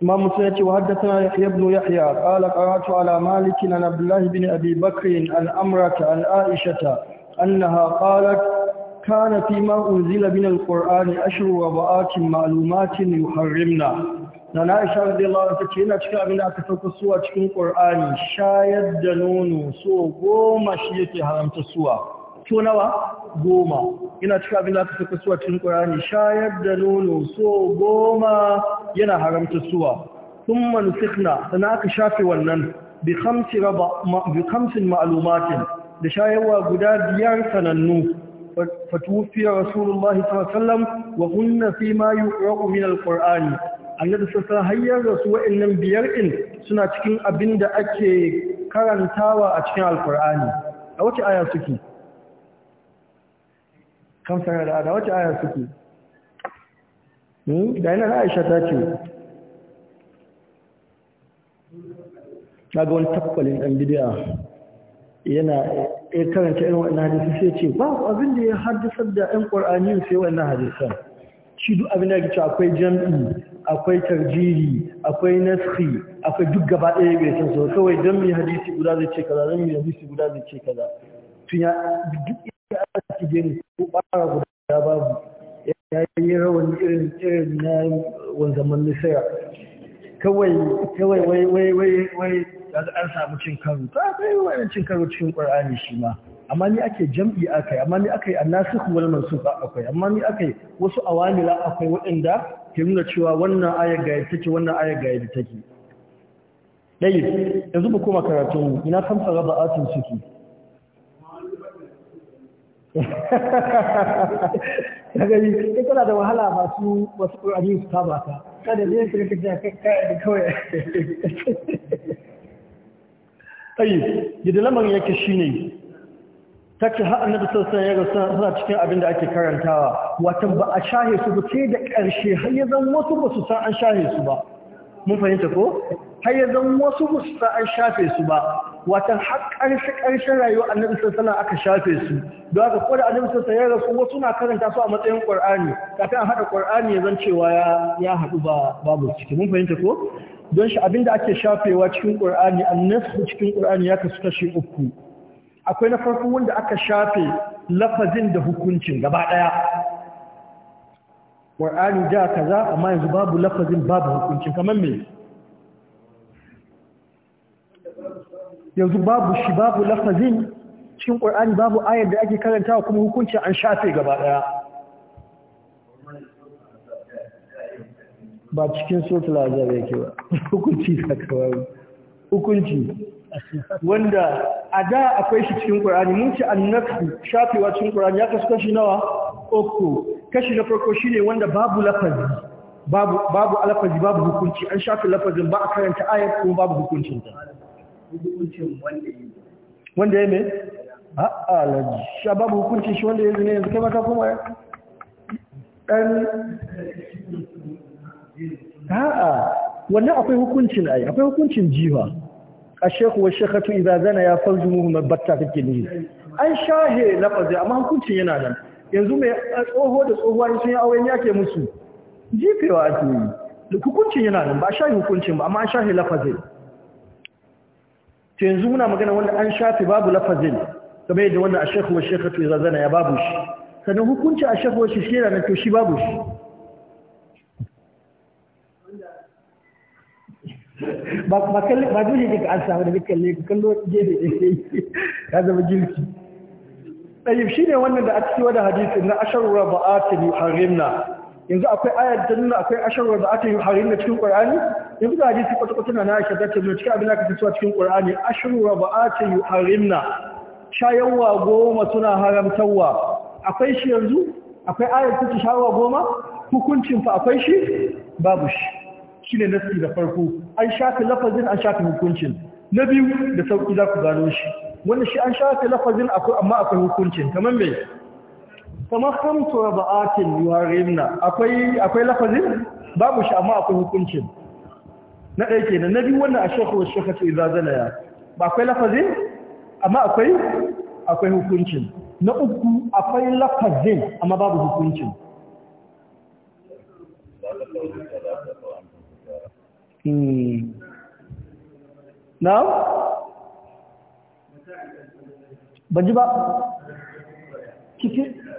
ma musu ya haddasa na yabnu yahya ƙala ƙaratu ala maliki na abdullahi bin abi bakrin al'amurata al'aishata annaha ƙala kana fi ma unzila bin alƙur'ani ashiru wa ba'atin malumatin yuharrimna na na isha da dila wata ce yana cikin abinda da aka sauka suwa cikin ƙur'ani shayar da nono so goma shi yake haramta suwa so nawa goma yana cikin abin da aka saka suwa cikin ƙurani shayar da nono so goma yana haramta suwa sun manusikna sana aka shafe wannan bi kamsin ma'alumatin da shayarwa guda biyar sanannu fatufiyar rasulullahi sallam wa hunna fi ma yi raƙo min alƙur'ani sassa hanyar da wa'annan biyar ɗin suna cikin abin da ake karantawa a cikin alƙur'ani a wace aya suke kamsa da da wace aya suke hmm? da yana aisha ta ce na ga wani takwalin ɗan bidiya yana ya karanta irin wannan hadisi sai ce ba abin da ya haddasa da ɗan ƙwar'ani sai wannan hadisan shi duk abin da ya ce akwai jam'i akwai tarjiri akwai naskhi akwai duk gaba ɗaya bai san so kawai don mai hadisi guda zai ce kaza don mai hadisi guda zai ce kaza tun ya duk a cikin ko ɓara guda babu ya yi rawan irin irin na wanzaman nisira kawai kawai wai wai wai wai an samu cin karo ta kai wani cin karo cikin ƙwar'ani shi ma amma ni ake jam'i akai amma ni akai annasikh wal mansukh akwai amma ni akai wasu awamila akwai waɗanda ke nuna cewa wannan ayar ga take wannan ayar ga take dai yanzu mu koma karatu ina kan faraba'atun suke ta gani in da wahala masu wasu ƙurari su kama ka kada ne su rika ja kai da kawai ayi yadda lamarin yake ta ce har annabi sassan ya rasu suna cikin abin da ake karantawa wata ba a shahe su ba sai da ƙarshe har ya zan wasu ba su san an shahe su ba mun fahimta ko har ya zan wasu ba su san an shafe su ba watan har ƙarshe ƙarshen rayuwa annabi sallallahu aka shafe su don haka ko da annabi sallallahu ya rasu wasu na karanta su a matsayin qur'ani kafin a hada qur'ani ya zan cewa ya haɗu hadu ba babu ciki mun fahimta ko don shi abinda ake shafewa cikin qur'ani su cikin qur'ani ya kasu kashi uku akwai na farko wanda aka shafe lafazin da hukuncin gaba daya qur'ani ja kaza amma yanzu babu lafazin babu hukuncin kamar me yanzu babu shi babu lafazin cikin ƙwar'ani babu ayar da ake karantawa kuma hukuncin an shafe gaba ɗaya ba cikin sotu azab yake ba hukunci kawai hukunci wanda a da akwai shi cikin ƙwar'ani mun ci shafe shafewa cikin ƙwar'ani ya kasu kashi nawa uku kashi na farko shi ne wanda babu lafazi babu alafazi lafazi babu hukunci an shafe lafazin ba a karanta ayar kuma babu hukuncinta wanda ya mai a lajja babu hukuncin shi wanda ya zina yanzu kai maka kuma ya ɗan a wannan akwai hukuncin ai akwai hukuncin jiwa a shekhu wa shekhatu idan zana ya farji mai batta take ne an shahe lafazi amma hukuncin yana nan yanzu mai tsoho da tsohuwa sun yi auren yake musu jifewa ake yi hukuncin yana nan ba a shahe hukuncin ba amma an shahe lafazai to yanzu muna magana wanda an shafi babu lafazin kamar yadda wannan shekhu wa shekhu ya zazana ya babu shi sannan hukunci shekhu wa shi yana nan to shi babu shi ba dole ne ka an samu da kalle ka kallo gefe ɗaya ya zama girki ɗayyar shi ne wannan da a ciki wadda hadisin na ashar raba'atin harimna yanzu akwai ayar da nuna akwai asharwa da aka yi harin da cikin qur'ani yanzu da hadisi kwata-kwata na nashi da ta zo cikin abin da aka fitowa cikin qur'ani asharwa ba ta yi harin na shayarwa goma suna haramtawa. akwai shi yanzu akwai ayar ta shayarwa goma hukuncin fa akwai shi babu shi shine nasi da farko an shafi lafazin an shafi hukuncin na biyu da sauki za ku gano shi wannan shi an shafi lafazin amma akwai hukuncin kamar me kamar hamsu raba'atin yuharimna akwai akwai lafazin babu shi amma akwai hukuncin na ɗaya kenan na biyu wannan a ashekhu wa ce idza ya ba akwai lafazin amma akwai akwai hukuncin na uku akwai lafazin amma babu hukuncin hmm. na? ban ji ba?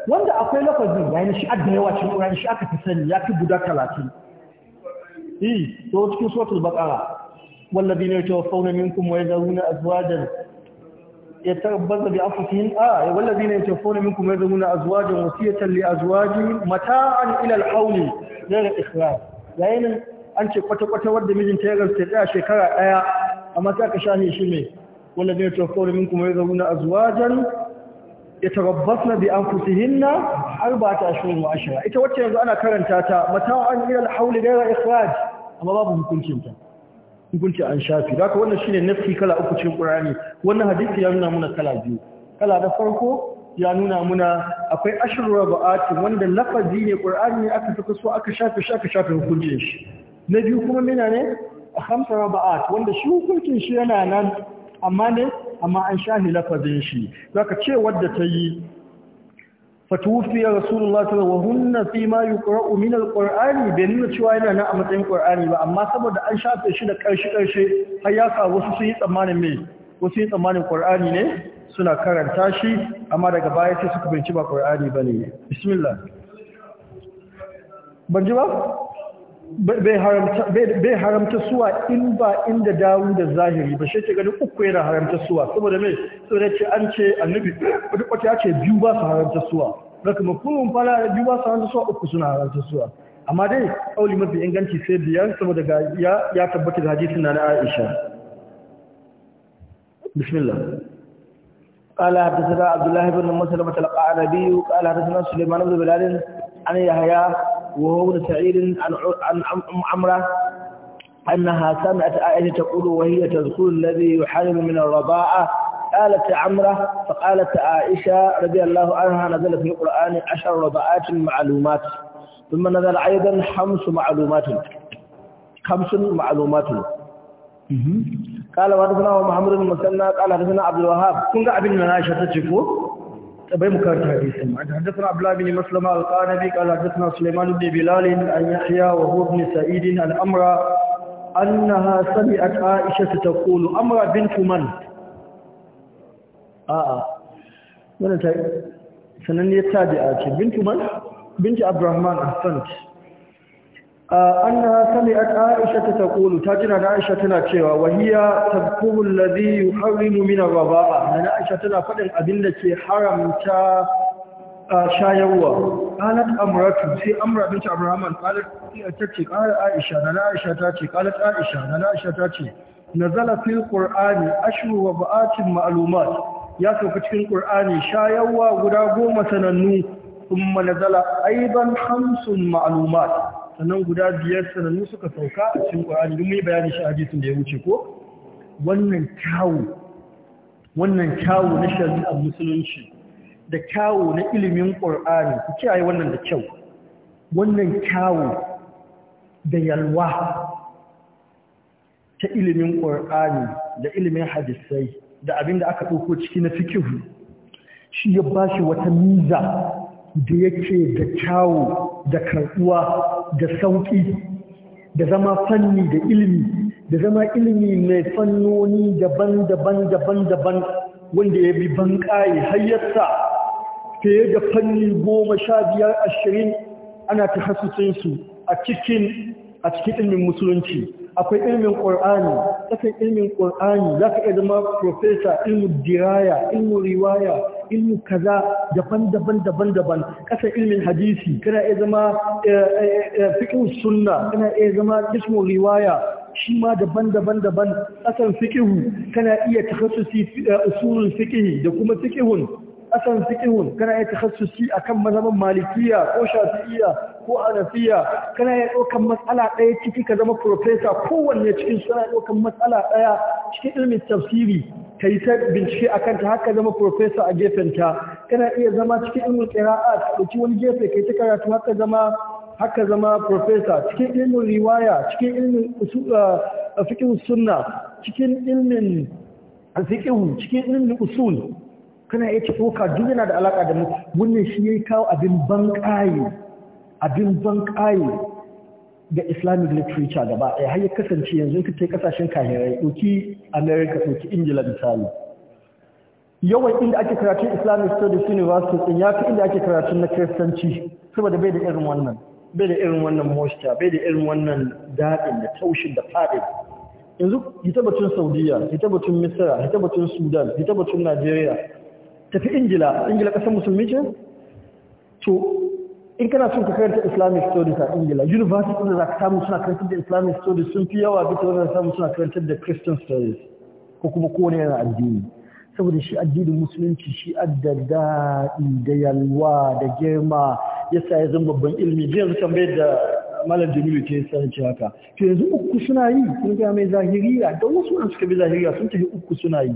wanda akwai lafazin ya yi shi'ar da yawa cikin ƙurani shi aka fi sani ya fi guda talatin yi to cikin suratul baqara Wallabi ne ta fauna minkum wa yazuna azwajan yatarabbasu bi anfusihim a wallabi ne ta fauna minkum wa yazuna azwajan wasiyatan li azwajihim mata'an ila al-hawl ghayra ikhraj yayin an ce kwata-kwata wadda mijinta ya gamsa ɗaya shekara daya amma ka sha shahe shi ne Wallabi ne ta fauna minkum wa yazuna azwajan ya tarabbasna bi anfusihinna arba'ata ashhurin shirin ashra ita wacce yanzu ana karanta ta an ila al-hawl ghayra ikhraj amma babu hukuncin ta hukunci an shafi haka wannan shine nafsi kala uku cikin Qur'ani wannan hadisi ya nuna muna kala biyu kala da farko ya nuna muna akwai ashru raba'at wanda lafazi ne Qur'ani ne aka saka so aka shafi shi aka shafe hukuncin shi na biyu kuma mina ne khamsa raba'at wanda shi hukuncin shi yana nan amma ne amma an shahi lafazin shi zaka ce wadda ta yi fatufi ya rasulullah sallallahu alaihi wa hunna min alqur'ani bai nuna cewa yana nan a matsayin qur'ani ba amma saboda an shafe shi da karshe karshe har ya sa wasu sun yi tsammanin me wasu yi tsammanin qur'ani ne suna karanta shi amma daga baya sai suka binci ba qur'ani bane bismillah ban ji ba bai haramta suwa in ba inda dawo da zahiri ba shi ke gani uku yana haramta suwa saboda mai tsere ce an ce annabi wadda kwata ya ce biyu ba su haramta suwa na kuma kunun fara biyu ba su haramta suwa uku suna haramta suwa amma dai kauli mafi inganci sai biyar saboda ya tabbata da hadisin na Aisha bismillah قال حدثنا عبد الله بن مسلمة القعنبي قال حدثنا سليمان بن بلال عن يحيى وهو ابن سعيد عن عمرة أنها سمعت عائشة تقول وهي تذكر الذي يحرم من الرضاعة قالت عمرة فقالت عائشة رضي الله عنها نزل في القرآن عشر رضاعات معلومات ثم نزل أيضا خمس معلومات خمس معلومات قال وحدثنا محمد بن قال حدثنا عبد الوهاب كنت ابن عائشة تشفو bai mu karanta hadisin ma hadathana abdullah bin maslama al-qanabi qala hadathana sulaiman ibn bilal an yahya wa huwa ibn sa'id al-amra أنها سمعت عائشة تقول تجنى عائشة تنكيرا وهي تذكر الذي يحرم من الرضاعة لأن عائشة تنفذ أدلة حرمتا shayarwa qalat amratu sai amra bint abraman qalat tace qala aisha na aisha tace qalat aisha na aisha tace nazala fil qur'ani ashru wa ba'atin ma'lumat ya sauka cikin ƙur'ani, shayarwa guda goma sanannu kuma nazala aiban khamsun ma'lumat sannan guda biyar sanannu suka sauka a cikin ƙwararri don mai bayanin shi hadisin da ya wuce ko wannan kyawu wannan kyawu na a musulunci da kyawu na ilimin ƙwararri ku kiyaye wannan da kyau wannan kyawu da yalwa ta ilimin ƙwararri da ilimin hadisai da abin da aka ɗauko ciki na fikihu shi ya ba shi wata miza da yake da kyawu da karɓuwa da sauƙi da zama fanni da ilimi da zama ilimi mai fannoni daban-daban daban-daban wanda ya bi ban har hayyarsa fiye da fanni goma sha biyar ashirin ana ta hasusinsu a cikin ilimin musulunci akwai ilmin ƙor'ani ƙasan ilmin ƙor'ani za ka iya zama profesa ilmin diraya ilmin riwaya ilmin kaza daban-daban daban-daban ƙasar ilmin hadisi kana iya zama eh, eh, eh, fiƙin sunna kana iya zama ismin riwaya shi ma daban-daban daban ƙasar fiƙihu kana iya takasusi usulun fiƙihi da kuma fiƙihun asan fiqhun kana iya takhassusi akan mazaman malikiya ko shafi'iyya ko hanafiya kana iya ɗaukan matsala ɗaya ciki ka zama profesa. kowanne cikin suna ɗaukan matsala ɗaya cikin ilmin tafsiri ka yi ta bincike a kanta haka zama profesa a gefenta kana iya zama cikin ilmin ƙira'a ɗauki wani gefe ka yi ta karatu haka zama zama profesa cikin ilmin riwaya cikin ilmin fikin sunna cikin ilmin fikin cikin ilmin usul kana iya ci tsoka duk yana da alaƙa da wannan shi ya yi kawo abin banƙaye abin ga islamic literature gaba ɗaya har ya kasance yanzu ka ce kasashen kahirai ɗauki america ɗauki ingila misali yawan inda ake karatu islamic studies university ɗin ya fi inda ake karatu na kiristanci saboda bai da irin wannan bai da irin wannan moisture bai da irin wannan daɗin da taushin da faɗin yanzu hitabacin batun saudiya hitabacin batun misira hita batun sudan hitabacin batun najeriya tafi ingila ingila kasan musulmi ce to in kana son ka karanta islamic studies a ingila university da za ka samu suna karanta da islamic studies sun fi yawa bisa wanda samu suna karanta da christian studies ko kuma kowane yana addini saboda shi addinin musulunci shi adda daɗi da yalwa da girma yasa ya zama babban ilimi ji yanzu tambayar da malam jamilu ce sai ce haka to yanzu uku suna yi sun ga mai zahiriya don wasu an suka bi zahiriya sun tafi uku suna yi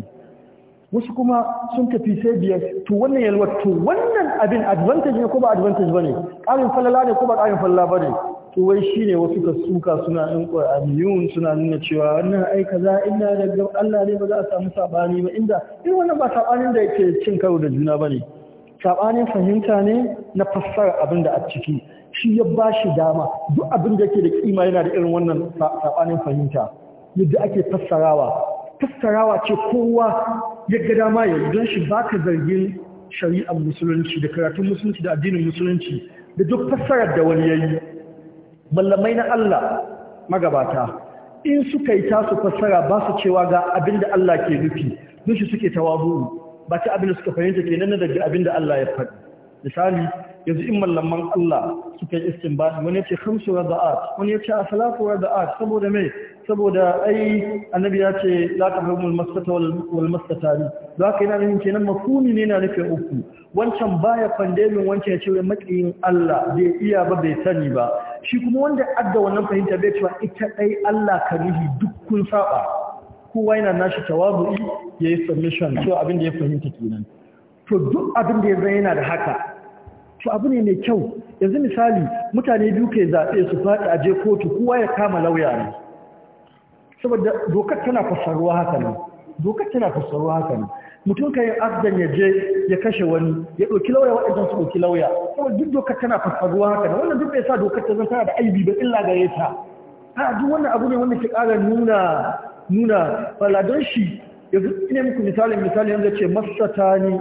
wasu kuma sun tafi sai biyar to wannan yalwar to wannan abin advantage ne ko ba advantage bane ƙarin falala ne ko ba ƙarin falala bane to wai shine wasu ka suka suna in qur'aniyun suna nuna cewa wannan ai kaza inna daga Allah ne ba za a samu sabani ba inda irin wannan ba sabanin da yake cin karo da juna bane sabanin fahimta ne na fassara abin da a ciki shi ya ba shi dama duk abin da yake da kima yana da irin wannan sabanin fahimta yadda ake fassarawa fassarawa ce kowa ya ga dama ya don shi baka zargin shari'ar musulunci da karatun musulunci da addinin musulunci da duk fassarar da wani yayi mallamai na Allah magabata in suka yi tasu fassara ba su cewa ga abin da Allah ke nufi don shi suke tawabu ba ta abin da suka fahimta ke nan da abin da Allah ya faɗi misali yanzu in mallaman Allah suka yi istinbat wani ya ce khamsu rada'at wani ya ce asalatu rada'at saboda mai saboda ai annabi ya ce la tahrimul maskata wal ne za ka yana nufin kenan mafuni ne na nufin uku wancan baya min wancan ya ce wai makiyin Allah bai iya ba bai sani ba shi kuma wanda adda wannan fahimta bai cewa ita dai Allah ka rihi duk kun saba kowa yana nashi tawabu'i yayi submission to abin da ya fahimta kenan to duk abin da ya zai yana da haka to abu ne mai kyau yanzu misali mutane biyu ke zaɓe su faɗi a je kotu kowa ya kama lauya ne saboda dokar tana fassarwa haka ne dokar tana fassarwa haka ne mutum kan yi azan ya je ya kashe wani ya ɗauki lauya waɗannan su ɗauki lauya saboda duk dokar tana fassarwa haka ne wannan duk bai sa dokar ta zanta da aibi ba illa gare ta a duk wannan abu ne wanda ke ƙara nuna nuna faladon shi yanzu ne muku misalin misali yanzu ce masata ne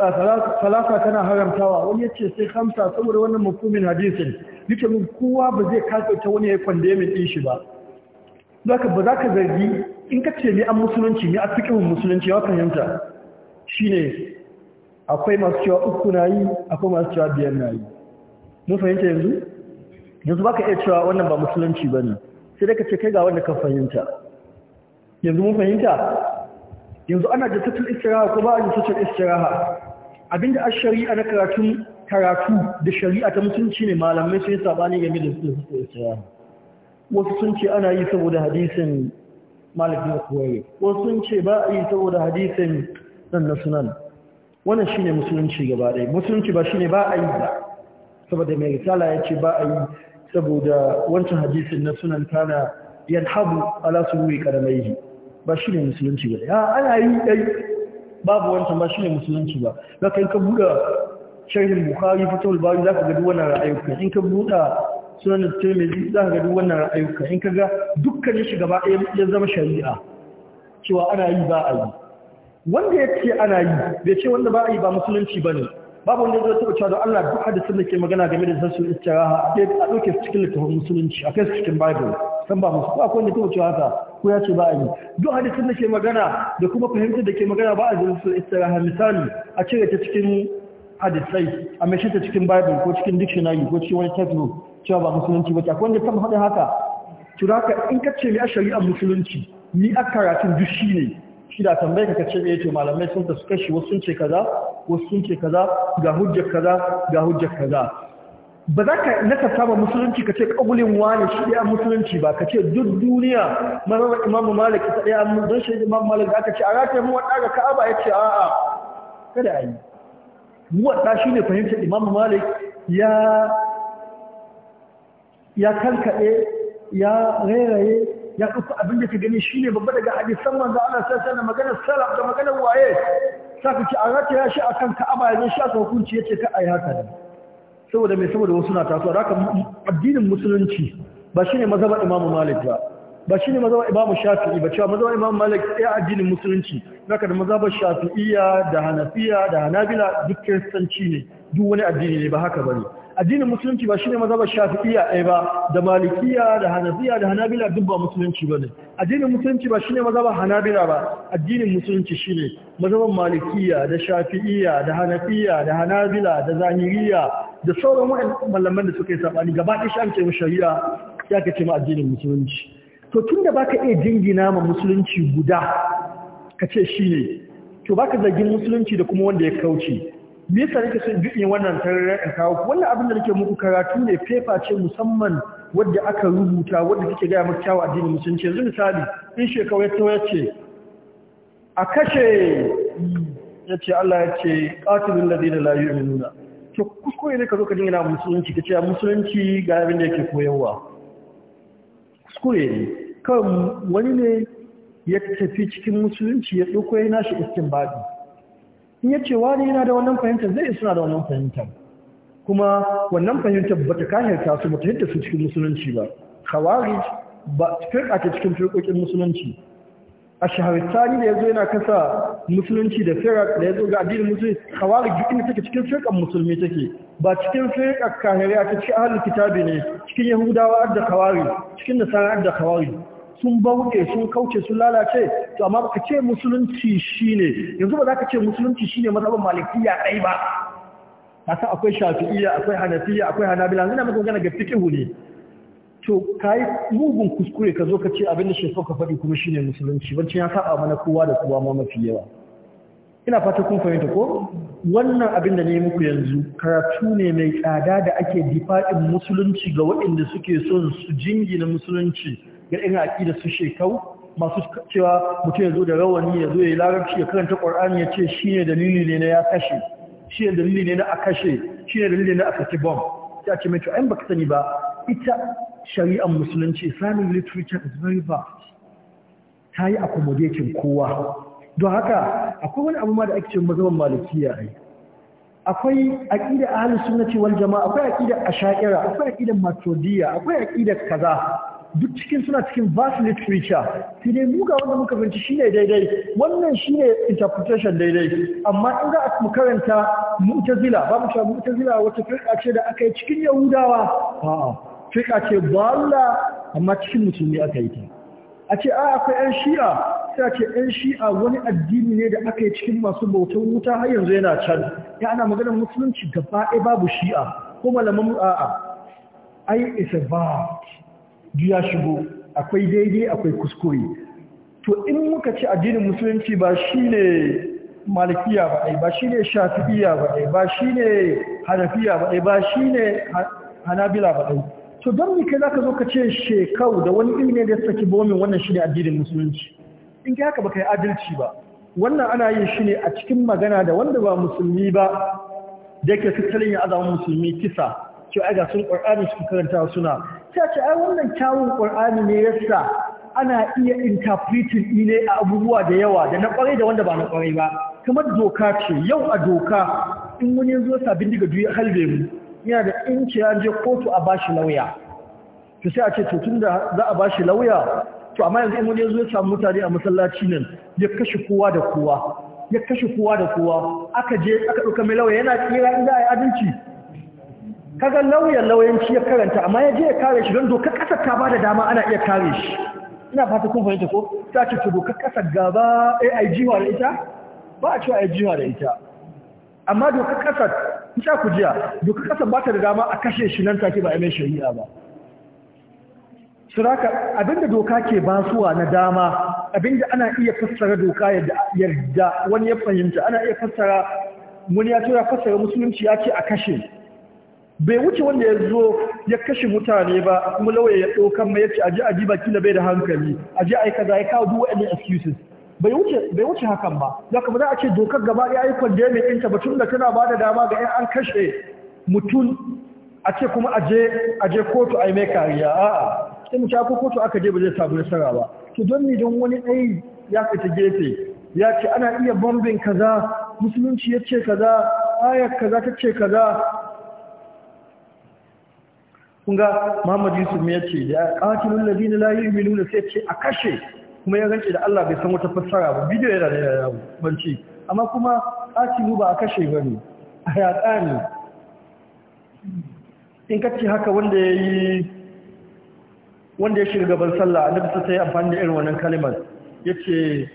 salasa tana haramtawa wani ya ce sai hamsa saboda wannan mutumin hadisin yake mun kowa ba zai kasa wani ya kwande min ɗin shi ba zaka ba za ka zargi in ka ce ni an musulunci ni a cikin musulunci ya fahimta shine akwai masu cewa uku na yi akwai masu cewa biyar na yi mun fahimta yanzu yanzu baka iya cewa wannan ba musulunci ba ne sai dai ka ce kai ga wanda ka fahimta yanzu mun fahimta yanzu ana da tattal istiraha ko ba a da tattal istiraha abinda a shari'a na karatun karatu da shari'a ta mutunci ne malamai sun yi sabani game da tattal istiraha wasu sun ce ana yi saboda hadisin malik bin kuwaye wasu sun ce ba a yi saboda hadisin nan na sunan wannan shine musulunci gaba ɗaya musulunci ba shine ba a yi ba saboda mai risala ya ce ba a yi saboda wancan hadisin na sunan tana kana yanhabu ala ruri karamaihi ba shine musulunci ba ya ana yi ɗai babu wancan ba shine musulunci ba na kai ka buɗe shirin bukari fatul bari zaka ga duk wannan ra'ayoyi in ka buɗe sunan tirmidhi zaka ga duk wannan ra'ayuka in kaga dukkanin shi gaba ɗaya ya zama shari'a cewa ana yi ba a yi wanda ya ce ana yi bai ce wanda ba a yi ba musulunci ba ne babu wanda zai taɓa cewa don Allah duk hadisin da ke magana game da sassu istiraha a ɗauke su cikin littafin musulunci a kai su cikin bible san ba musu ba wanda taɓa cewa haka ko ya ce ba a yi duk hadisin da ke magana da kuma fahimtar da ke magana ba a zai sassu istiraha misali a cire ta cikin hadisai a mai ta cikin bible ko cikin dictionary ko cikin wani textbook cewa ba musulunci ba ta wanda ta haɗin haka tura ka in ka ce ni a musulunci ni a karatun duk shi ne shi da tambaye ka kace eh to malamai sun ta su kashi wasu sun ce kaza wasu sun ce kaza ga hujjar kaza ga hujjar kaza ba za ka naka saba musulunci ka ce kabulin wani shi ɗaya musulunci ba ka ce duk duniya mazan imam malik ta ɗaya don shi imam malik da aka ce a rataye mu wadda ga ka'aba ya ce a'a kada a yi wadda shi ne fahimtar imam malik ya ya kalkaɗe ya rairaye ya ɗauka abin da ta gani shi ne babba daga hadisan manzo ana sassa da maganar salaf da maganar waye saka ci a rataya shi akan ka'aba ya shi aka hukunci yace ka ayi haka ne saboda mai saboda wasu na tasowa haka addinin musulunci ba shi shine ba imamu malik ba ba shi shine mazhabar Imamu Shafi'i ba cewa mazhabar Imamu Malik sai addinin musulunci zaka da mazhabar Shafi'iyya da Hanafiya da Hanabila duk kiristanci ne duk wani addini ne ba haka ba ne addinin musulunci ba shine mazhabar Shafi'iyya ɗaya ba da Malikiya da Hanafiya da Hanabila duk ba musulunci ba ne addinin musulunci ba shine mazhabar Hanabila ba addinin musulunci shi shine mazhabar Malikiya da shafi'iya da Hanafiya da Hanabila da Zahiriyya da sauran malaman da suka yi sabani gaba ɗaya shi an ce shari'a ya kace ma addinin musulunci to tun da baka iya jingina ma musulunci guda ka ce shi ne to baka zargin musulunci da kuma wanda ya kauce me yasa nake son in wannan tarare in kawo wannan abin da nake muku karatu ne fefa ce musamman wadda aka rubuta wadda take gaya maka cewa addinin musulunci yanzu misali in shekau ya waya ce a kashe ya ce Allah ya ce qatilul ladina la yu'minuna to kuskure ne ka zo ka dinga musulunci ce musulunci ga abin da yake koyarwa kuskure ne kawai wani ne ya tafi cikin musulunci ya ɗauko ya nashi baɗi. in ya ce wani yana da wannan fahimtar zai suna da wannan fahimtar kuma wannan fahimtar ba ta kahirta su ba ta yadda su cikin musulunci ba kawari ba a ta cikin firkokin musulunci a shahararri da ya zo yana kasa musulunci da firar da ya zo ga addinin musulunci kawari duk inda take cikin firƙar musulmi take ba cikin firkan kahiriya ta ci ahalin kitabi ne cikin yahudawa da kawari cikin nasara da kawari sun bauɗe sun kauce sun lalace to amma baka ce musulunci shine yanzu ba za ka ce musulunci shine mazhabin malikiyya dai ba haka akwai shafi'iyya akwai hanafiya akwai hanabila na maka magana ga fiqhu ne to kai mugun kuskure ka zo ka ce abin da shi ka faɗi kuma shine musulunci wancan ya saba mana kowa da kowa ma mafi yawa ina fata kun fahimta ko wannan abin da ne muku yanzu karatu ne mai tsada da ake difa'in musulunci ga waɗanda suke son su jingina musulunci ga irin aƙidar su shekau masu cewa mutum ya zo da rawani ya zo ya yi larabci ya karanta ƙwar'ani ya ce shi ne dalili ne na ya kashe shi ne dalili ne na a kashe shi ne dalili na a kashe bom ta ce mai cewa ba sani ba ita shari'ar musulunci islamic literature is very vast ta yi accommodating kowa don haka akwai wani abu ma da ake ce mazaban malikiya ne akwai aqida na ce wal jamaa akwai aqida asha'ira akwai akidar maturidiyya akwai aqida kaza duk cikin suna cikin vast literature sai dai mu ga wanda muka binci shi ne daidai wannan shi ne interpretation daidai amma in ga mu karanta mu'tazila ba mu cewa mu'tazila wata firka ce da aka yi cikin yahudawa a'a firqa ce balla amma cikin musulmi aka yi ta a ce a akwai yan shi'a sai ce yan shi'a wani addini ne da aka yi cikin masu bautar wuta har yanzu yana can ya ana maganar musulunci gaba ɗaya babu shi'a ko malaman a'a ai is a ya shigo akwai daidai akwai kuskure to in muka ci addinin musulunci ba shine malikiya ba ɗai ba shi ne ba ɗai ba shi ne hanafiya ba ɗai ba shi ne hanabila ba ɗai to don mika za ka zo ka ce shekau da wani ne da saki bomin wannan shi addinin musulunci in ka haka ba ka yi adalci ba wannan ana yin shi ne a cikin magana da wanda ba musulmi ba da yake tattalin ya azaman musulmi kisa ce a ga sun ƙwar'ani su karanta suna ta ce ai wannan kyawun qur'ani ne yasa ana iya interpreting ne a abubuwa da yawa da na ƙwarai da wanda ba na ƙwarai ba kamar doka ce yau a doka in wani zo sabin diga duyi halbe mu yana da inci ya je kotu a bashi lauya to sai a ce to tunda za a bashi lauya to amma yanzu in wani zo samu mutane a masallaci nan ya kashe kowa da kowa ya kashe kowa da kowa aka je aka ɗauka mai lauya yana tsira inda a yi adalci kaga lauyan lauyanci ya karanta amma ya je ya kare shi don dokar kasar ta ba da dama ana iya kare shi ina fata kun fahimta ko ta ce dokar kasar gaba eh, ai jiwa da ita ba a cewa ai jiwa da ita amma dokar kasar ta ku jiya dokar kasar ba ta da dama a kashe shi nan take ba a mai shari'a ba suraka abinda doka ke basuwa na dama abinda ana iya fassara doka yadda wani ya fahimta ana iya fassara wani ya tura fassara musulunci ya ce a kashe bai wuce wanda ya zo ya kashe mutane ba kuma lauya ya ɗaukan mai yace aji aji baki da bai da hankali aji ai kaza ya kawo duwa ne excuses bai wuce bai wuce hakan ba ya kuma za a ce dokar gaba ɗaya ai mai ɗinta ba tun da tana ba da dama ga 'yan an kashe mutum a ce kuma aje aje kotu ai mai kariya a'a sai mu ko kotu aka je ba zai samu nasara ba to don ni don wani ɗayi ya fita gefe ya ce ana iya bombin kaza musulunci ya ce kaza ayar kaza ta ce kaza Kunga ga Muhammad Yusuf ya ce da qatilul ladina la yu'minuna sai ce a kashe kuma ya rance da Allah bai san wata fassara ba bidiyo yana da yawo banci amma kuma qatilu ba a kashe bane a yatsa ne in kace haka wanda yayi wanda ya shiga gaban sallah annabi sai amfani da irin wannan kalimar yace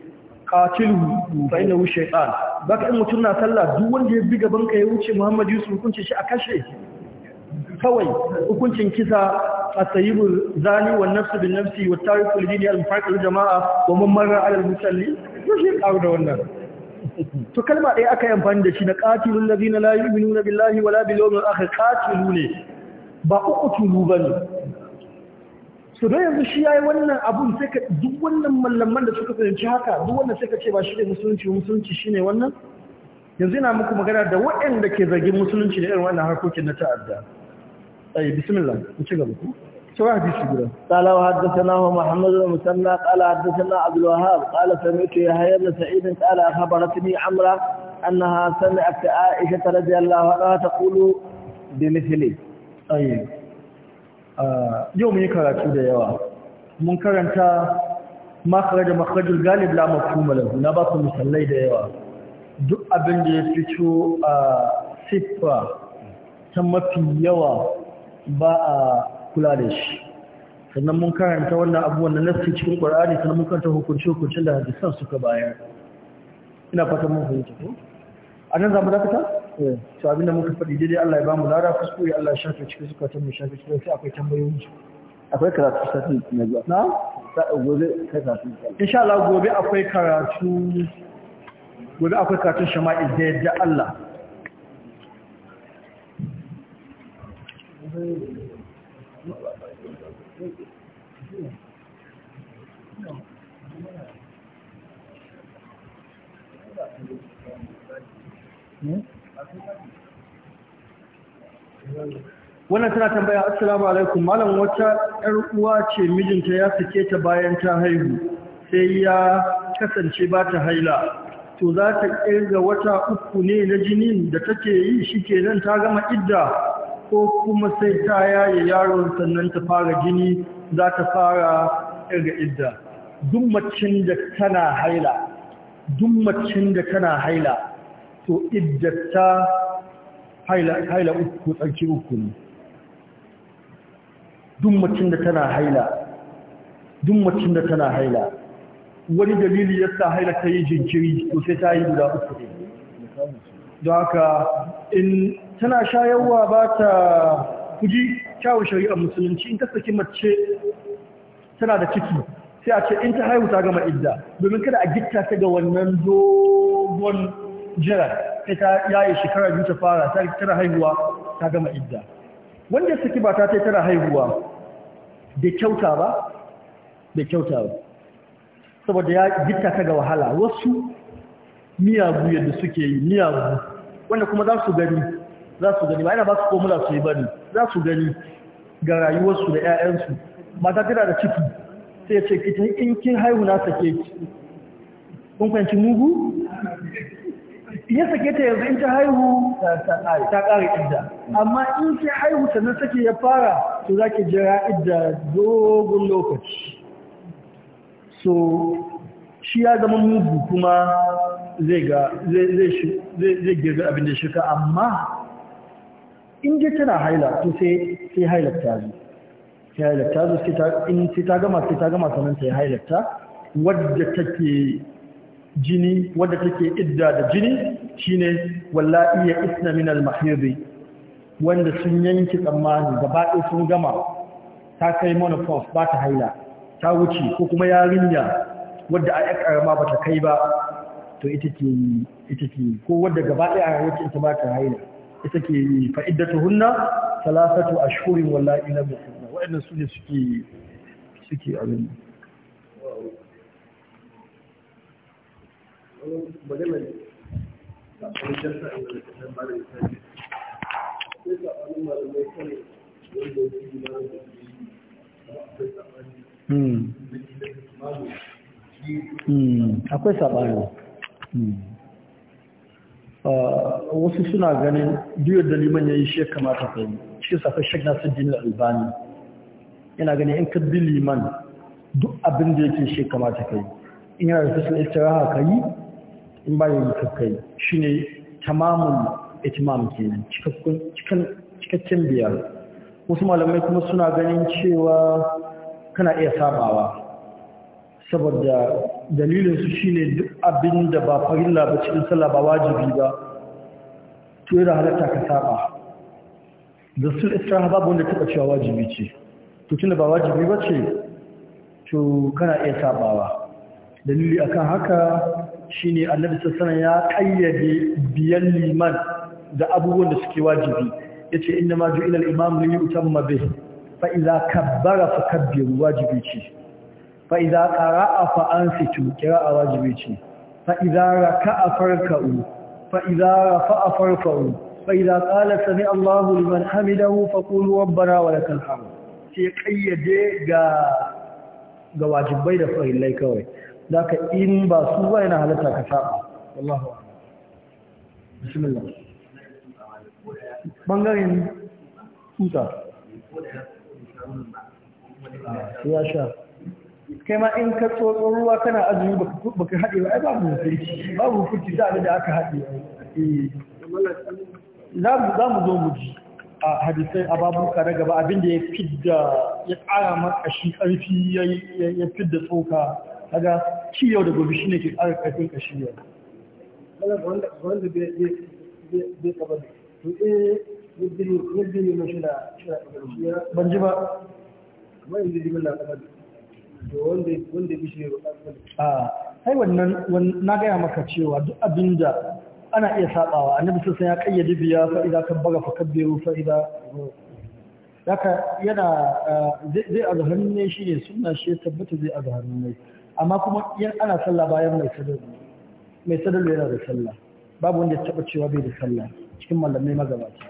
qatilu fa innahu shaytan baka in mutum na sallah duk wanda ya bi gaban ka ya wuce Muhammad Yusuf kun ce shi a kashe kawai hukuncin kisa a tsayibin zani wa nafsu bin nafsi wa tarikul dini al mufaqil jama'a wa man marra ala al musalli to shi kawo da wannan to kalma ɗaya aka yi amfani da shi na qatilul ladina la yu'minuna billahi wala bil yawmil akhir qatilu ne ba ba bane su da yanzu shi yayi wannan abun sai ka duk wannan mallaman da suka fahimci haka duk wannan sai ka ce ba shi ne musulunci musulunci shine wannan yanzu ina muku magana da waɗanda ke zargin musulunci da irin wannan harkokin na ta'adda أي بسم الله نشغل شو حديث يقول قال وحدثناه محمد بن مسنى قال حدثنا عبد الوهاب قال سمعت يحيى بن سعيد قال أخبرتني عمرة أنها سمعت عائشة رضي الله عنها تقول بمثلي أي آه يوم يكرا كده يوا من كرنتا makarajar makarajar galib la mafhuma lahu na ba ku misalai da yawa duk abin da ya fito a siffa ta mafi yawa ba a kula da shi sannan mun karanta wannan abubuwan na nassi cikin ƙwararri sannan mun karanta hukunci-hukuncin da hadisan suka bayar ina fatan mun fahimta ko a nan za mu dakata eh, to abinda muka faɗi daidai Allah ya ba mu lara kuskure Allah ya shafe cikin zukatan mu shafe cikin sai akwai tambayoyi akwai karatu sati na zuwa na gobe kai karatu insha Allah gobe akwai karatu gobe akwai karatu shama'i da yadda Allah wannan tana tambaya assalamu alaikum malam wata yar uwa ce mijinta ya sake ta bayan ta haihu sai ya kasance ba ta haila to za ta kirga wata uku ne na jinin da take yi shi shikenan ta gama idda ko kuma sai ta yaye yaron sannan ta fara jini za ta fara irga idda duk da tana haila duk da tana haila to iddata haila uku tsarki uku ne duk da tana haila duk da tana haila wani dalili yasa haila ta yi jinkiri to sai ta yi guda uku ne don haka in tana shayarwa ba ta kuji kyawun shari'ar musulunci in ta saki mace tana da ciki sai a ce in ta haihu ta gama idda domin kada a gitta ta ga wannan dogon jira sai ta yaye shekara biyu ta fara ta tana haihuwa ta gama idda wanda ya saki ba ta ta tana haihuwa bai kyauta ba bai kyauta ba saboda ya gitta ta ga wahala wasu miyagu yadda suke yi miyagu wanda kuma za su gani za su gani ba yana ba su komula su yi bane za su gani ga rayuwarsu da 'ya'yansu mata tana da ciki sai ya ce kitin in kin haihu na sake ki kun kwanci mugu ya sake ta yanzu in ta haihu ta ƙari idda amma in ki haihu sannan sake ya fara to za ki jira idda dogon lokaci so shi ya zama mugu kuma zai girga abin da ka amma in dai tana haila to sai sai hailarta ta sai hailarta ta zo sai ta in sai ta gama sai ta gama sanan sai hailarta wadda take jini wadda take idda da jini shine wallahi ya isna min al mahidi wanda sun yanki tsammani gaba ɗaya sun gama ta kai menopause ba ta haila ta wuce ko kuma yarinya wadda a rama ba ta kai ba to ita ke ita ce ko wadda gaba ɗaya a yankin ta ba ta haila ita ke yi fa'iddatu hunna talatatu ashhurin wallahi lam yahunna wa'annan su ne suke suke abin hmm. Hmm. akwai saɓani hmm. Eh, wasu suna ganin duyar da liman ya yi shi kamata ka yi shi safai shek nasiruddin albani yana ganin in ka bi liman duk abin da yake shi kamata ka yi in yana da ita, istiraha ka yi in ba yi ka kai shi ne tamamun itimam kenan cikakken biyar wasu malamai kuma suna ganin cewa kana iya sabawa saboda dalilinsu shi ne abin da ba farilla ba cikin sallah ba wajibi ba to yana halatta ka saba da sul isra babu wanda taba cewa wajibi ce to tunda ba wajibi ba ce to kana iya sabawa dalili akan haka shine annabi sallallahu ya kayyade biyan liman da abubuwan da suke wajibi yace inna ma ju'ila al-imam li yutamma bihi fa idza kabbara kabbiru wajibi ce fa'iza ƙara a fa'an fito kira a wajibi ce fa'iza raka a farka'u fa'iza rafa a farka'u fa'iza ƙala sami allahu liman hamidahu faƙulu wabbara wa da kalhamu ce ƙayyade ga wajibai da fa'ilai kawai za ka in ba su ba yana halatta ka saba wallahu bismillah ɓangaren kai ma in ka tsotso ruwa kana azumi ka haɗe ba ai babu hukunci babu hukunci za a da aka haɗe eh, za mu zo mu ji a hadisai a ka na gaba abinda ya fidda ya ƙara makashi ƙarfi ya fidda tsoka kaga ci yau da gobe shine ke ƙara ƙarfin ƙashi yau ne ban ji ba jimin wanda ya bishi a sai wannan na gaya maka cewa duk abin da ana iya sabawa annabi sun ya kayyade biya fa idan kan baga fa yana zai azharin ne shine suna shi tabbata zai a zahar ne amma kuma yan ana sallah bayan mai sadar mai yana da sallah babu wanda ya taba cewa bai da sallah cikin mallamai magabata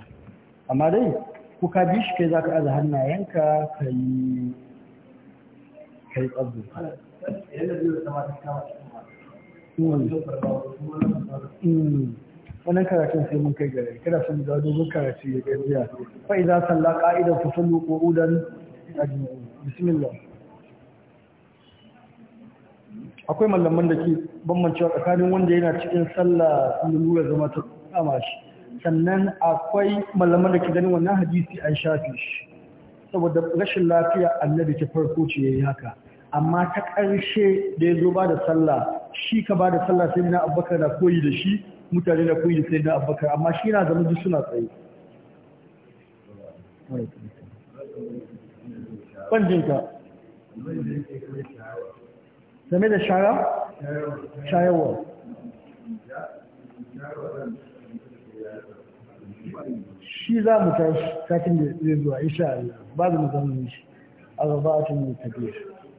amma dai kuka bi shi kai zaka azhar na yanka yi wannan karatun sai mun kai gare kada sun ga dogon karatu ya kai wuya fa idza salla qa'ida fa sallu qu'udan bismillah akwai mallaman da ke bambancewa tsakanin wanda yana cikin sallah lura zama ta kama shi sannan akwai mallaman da ke ganin wannan hadisi an shafe shi saboda rashin lafiya annabi ta farko ce yayi haka amma ta ƙarshe da ya zo ba da sallah shi ka ba da sallah sai na abubakar na koyi da shi mutane na koyi da sai na abubakar amma shi na zama duk suna tsaye ƙwanjinka game da shara? shayarwa shi za mu tashi katin da zai zuwa isha ba za mu zama shi a gabatun tafiya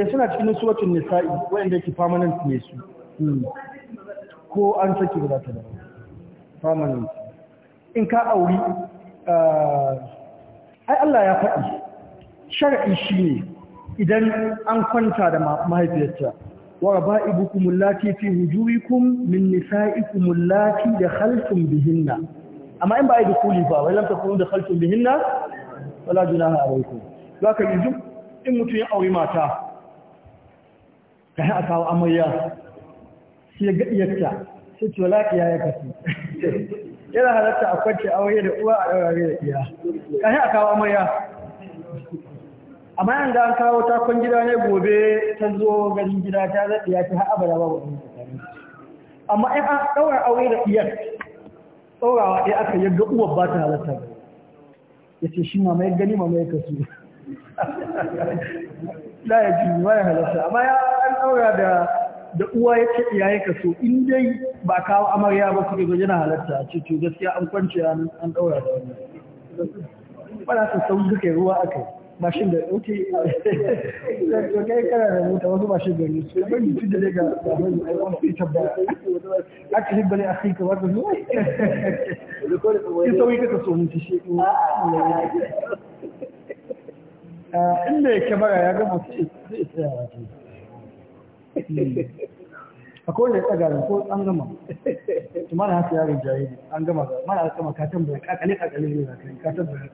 eh suna cikin suratul nisa'i wanda yake permanent ne su hmm. ko an saki ba za ta dawo permanent in ka auri ah, ai Allah ya faɗi shar'i shine idan an kwanta da mahaifiyarta wa raba'ibukum allati fi hujurikum min nisa'ikum allati dakhaltum bihinna amma in ba ai dukuli ba wai lam takunu dakhaltum bihinna wala junaha alaykum zaka duk in mutum ya aure mata ka a kawo amarya shi ya gaɗiyarta shi ce wala ya ya kasu yana halatta a kwanci aure da uwa a ɗaurare da iya ka a kawo amarya amma yan da an kawo takon gida ne gobe ta zo garin gida ta zaɗi ya ce har abada ba wani amma in an ɗaura aure da iyar ɗaurawa ɗaya aka yaga uwar ba ta halatta ya ce shi mai gani mai kasu la ya ji ma ya halatta amma ya aura da da uwa ya ce iyaye ka so in dai ba kawo amarya ba kuke gwaje na halatta a ce to gaskiya an kwance an daura da wannan bana su sau duka ruwa aka ba mashin da ɗauke da kai kana da mota wasu mashin da ne su ban mutum da daga babban ai wani fi ba aka yi bale akai ka wata zuwa ki sauyi ka so mun ci shi ah, inda ya kyamara ya gama sai ya tsaya Hmm. a kowane tsagarin ko an gama mana haka yaron jayi an gama mana haka kama ka tambaya kakale kakale ne zaka ka tambaya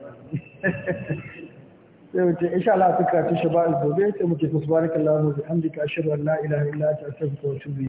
sai wuce insha Allah suka ci shaba'u gobe sai muke subhanakallahu wa bihamdika ashhadu an la ilaha illa anta astaghfiruka wa atubu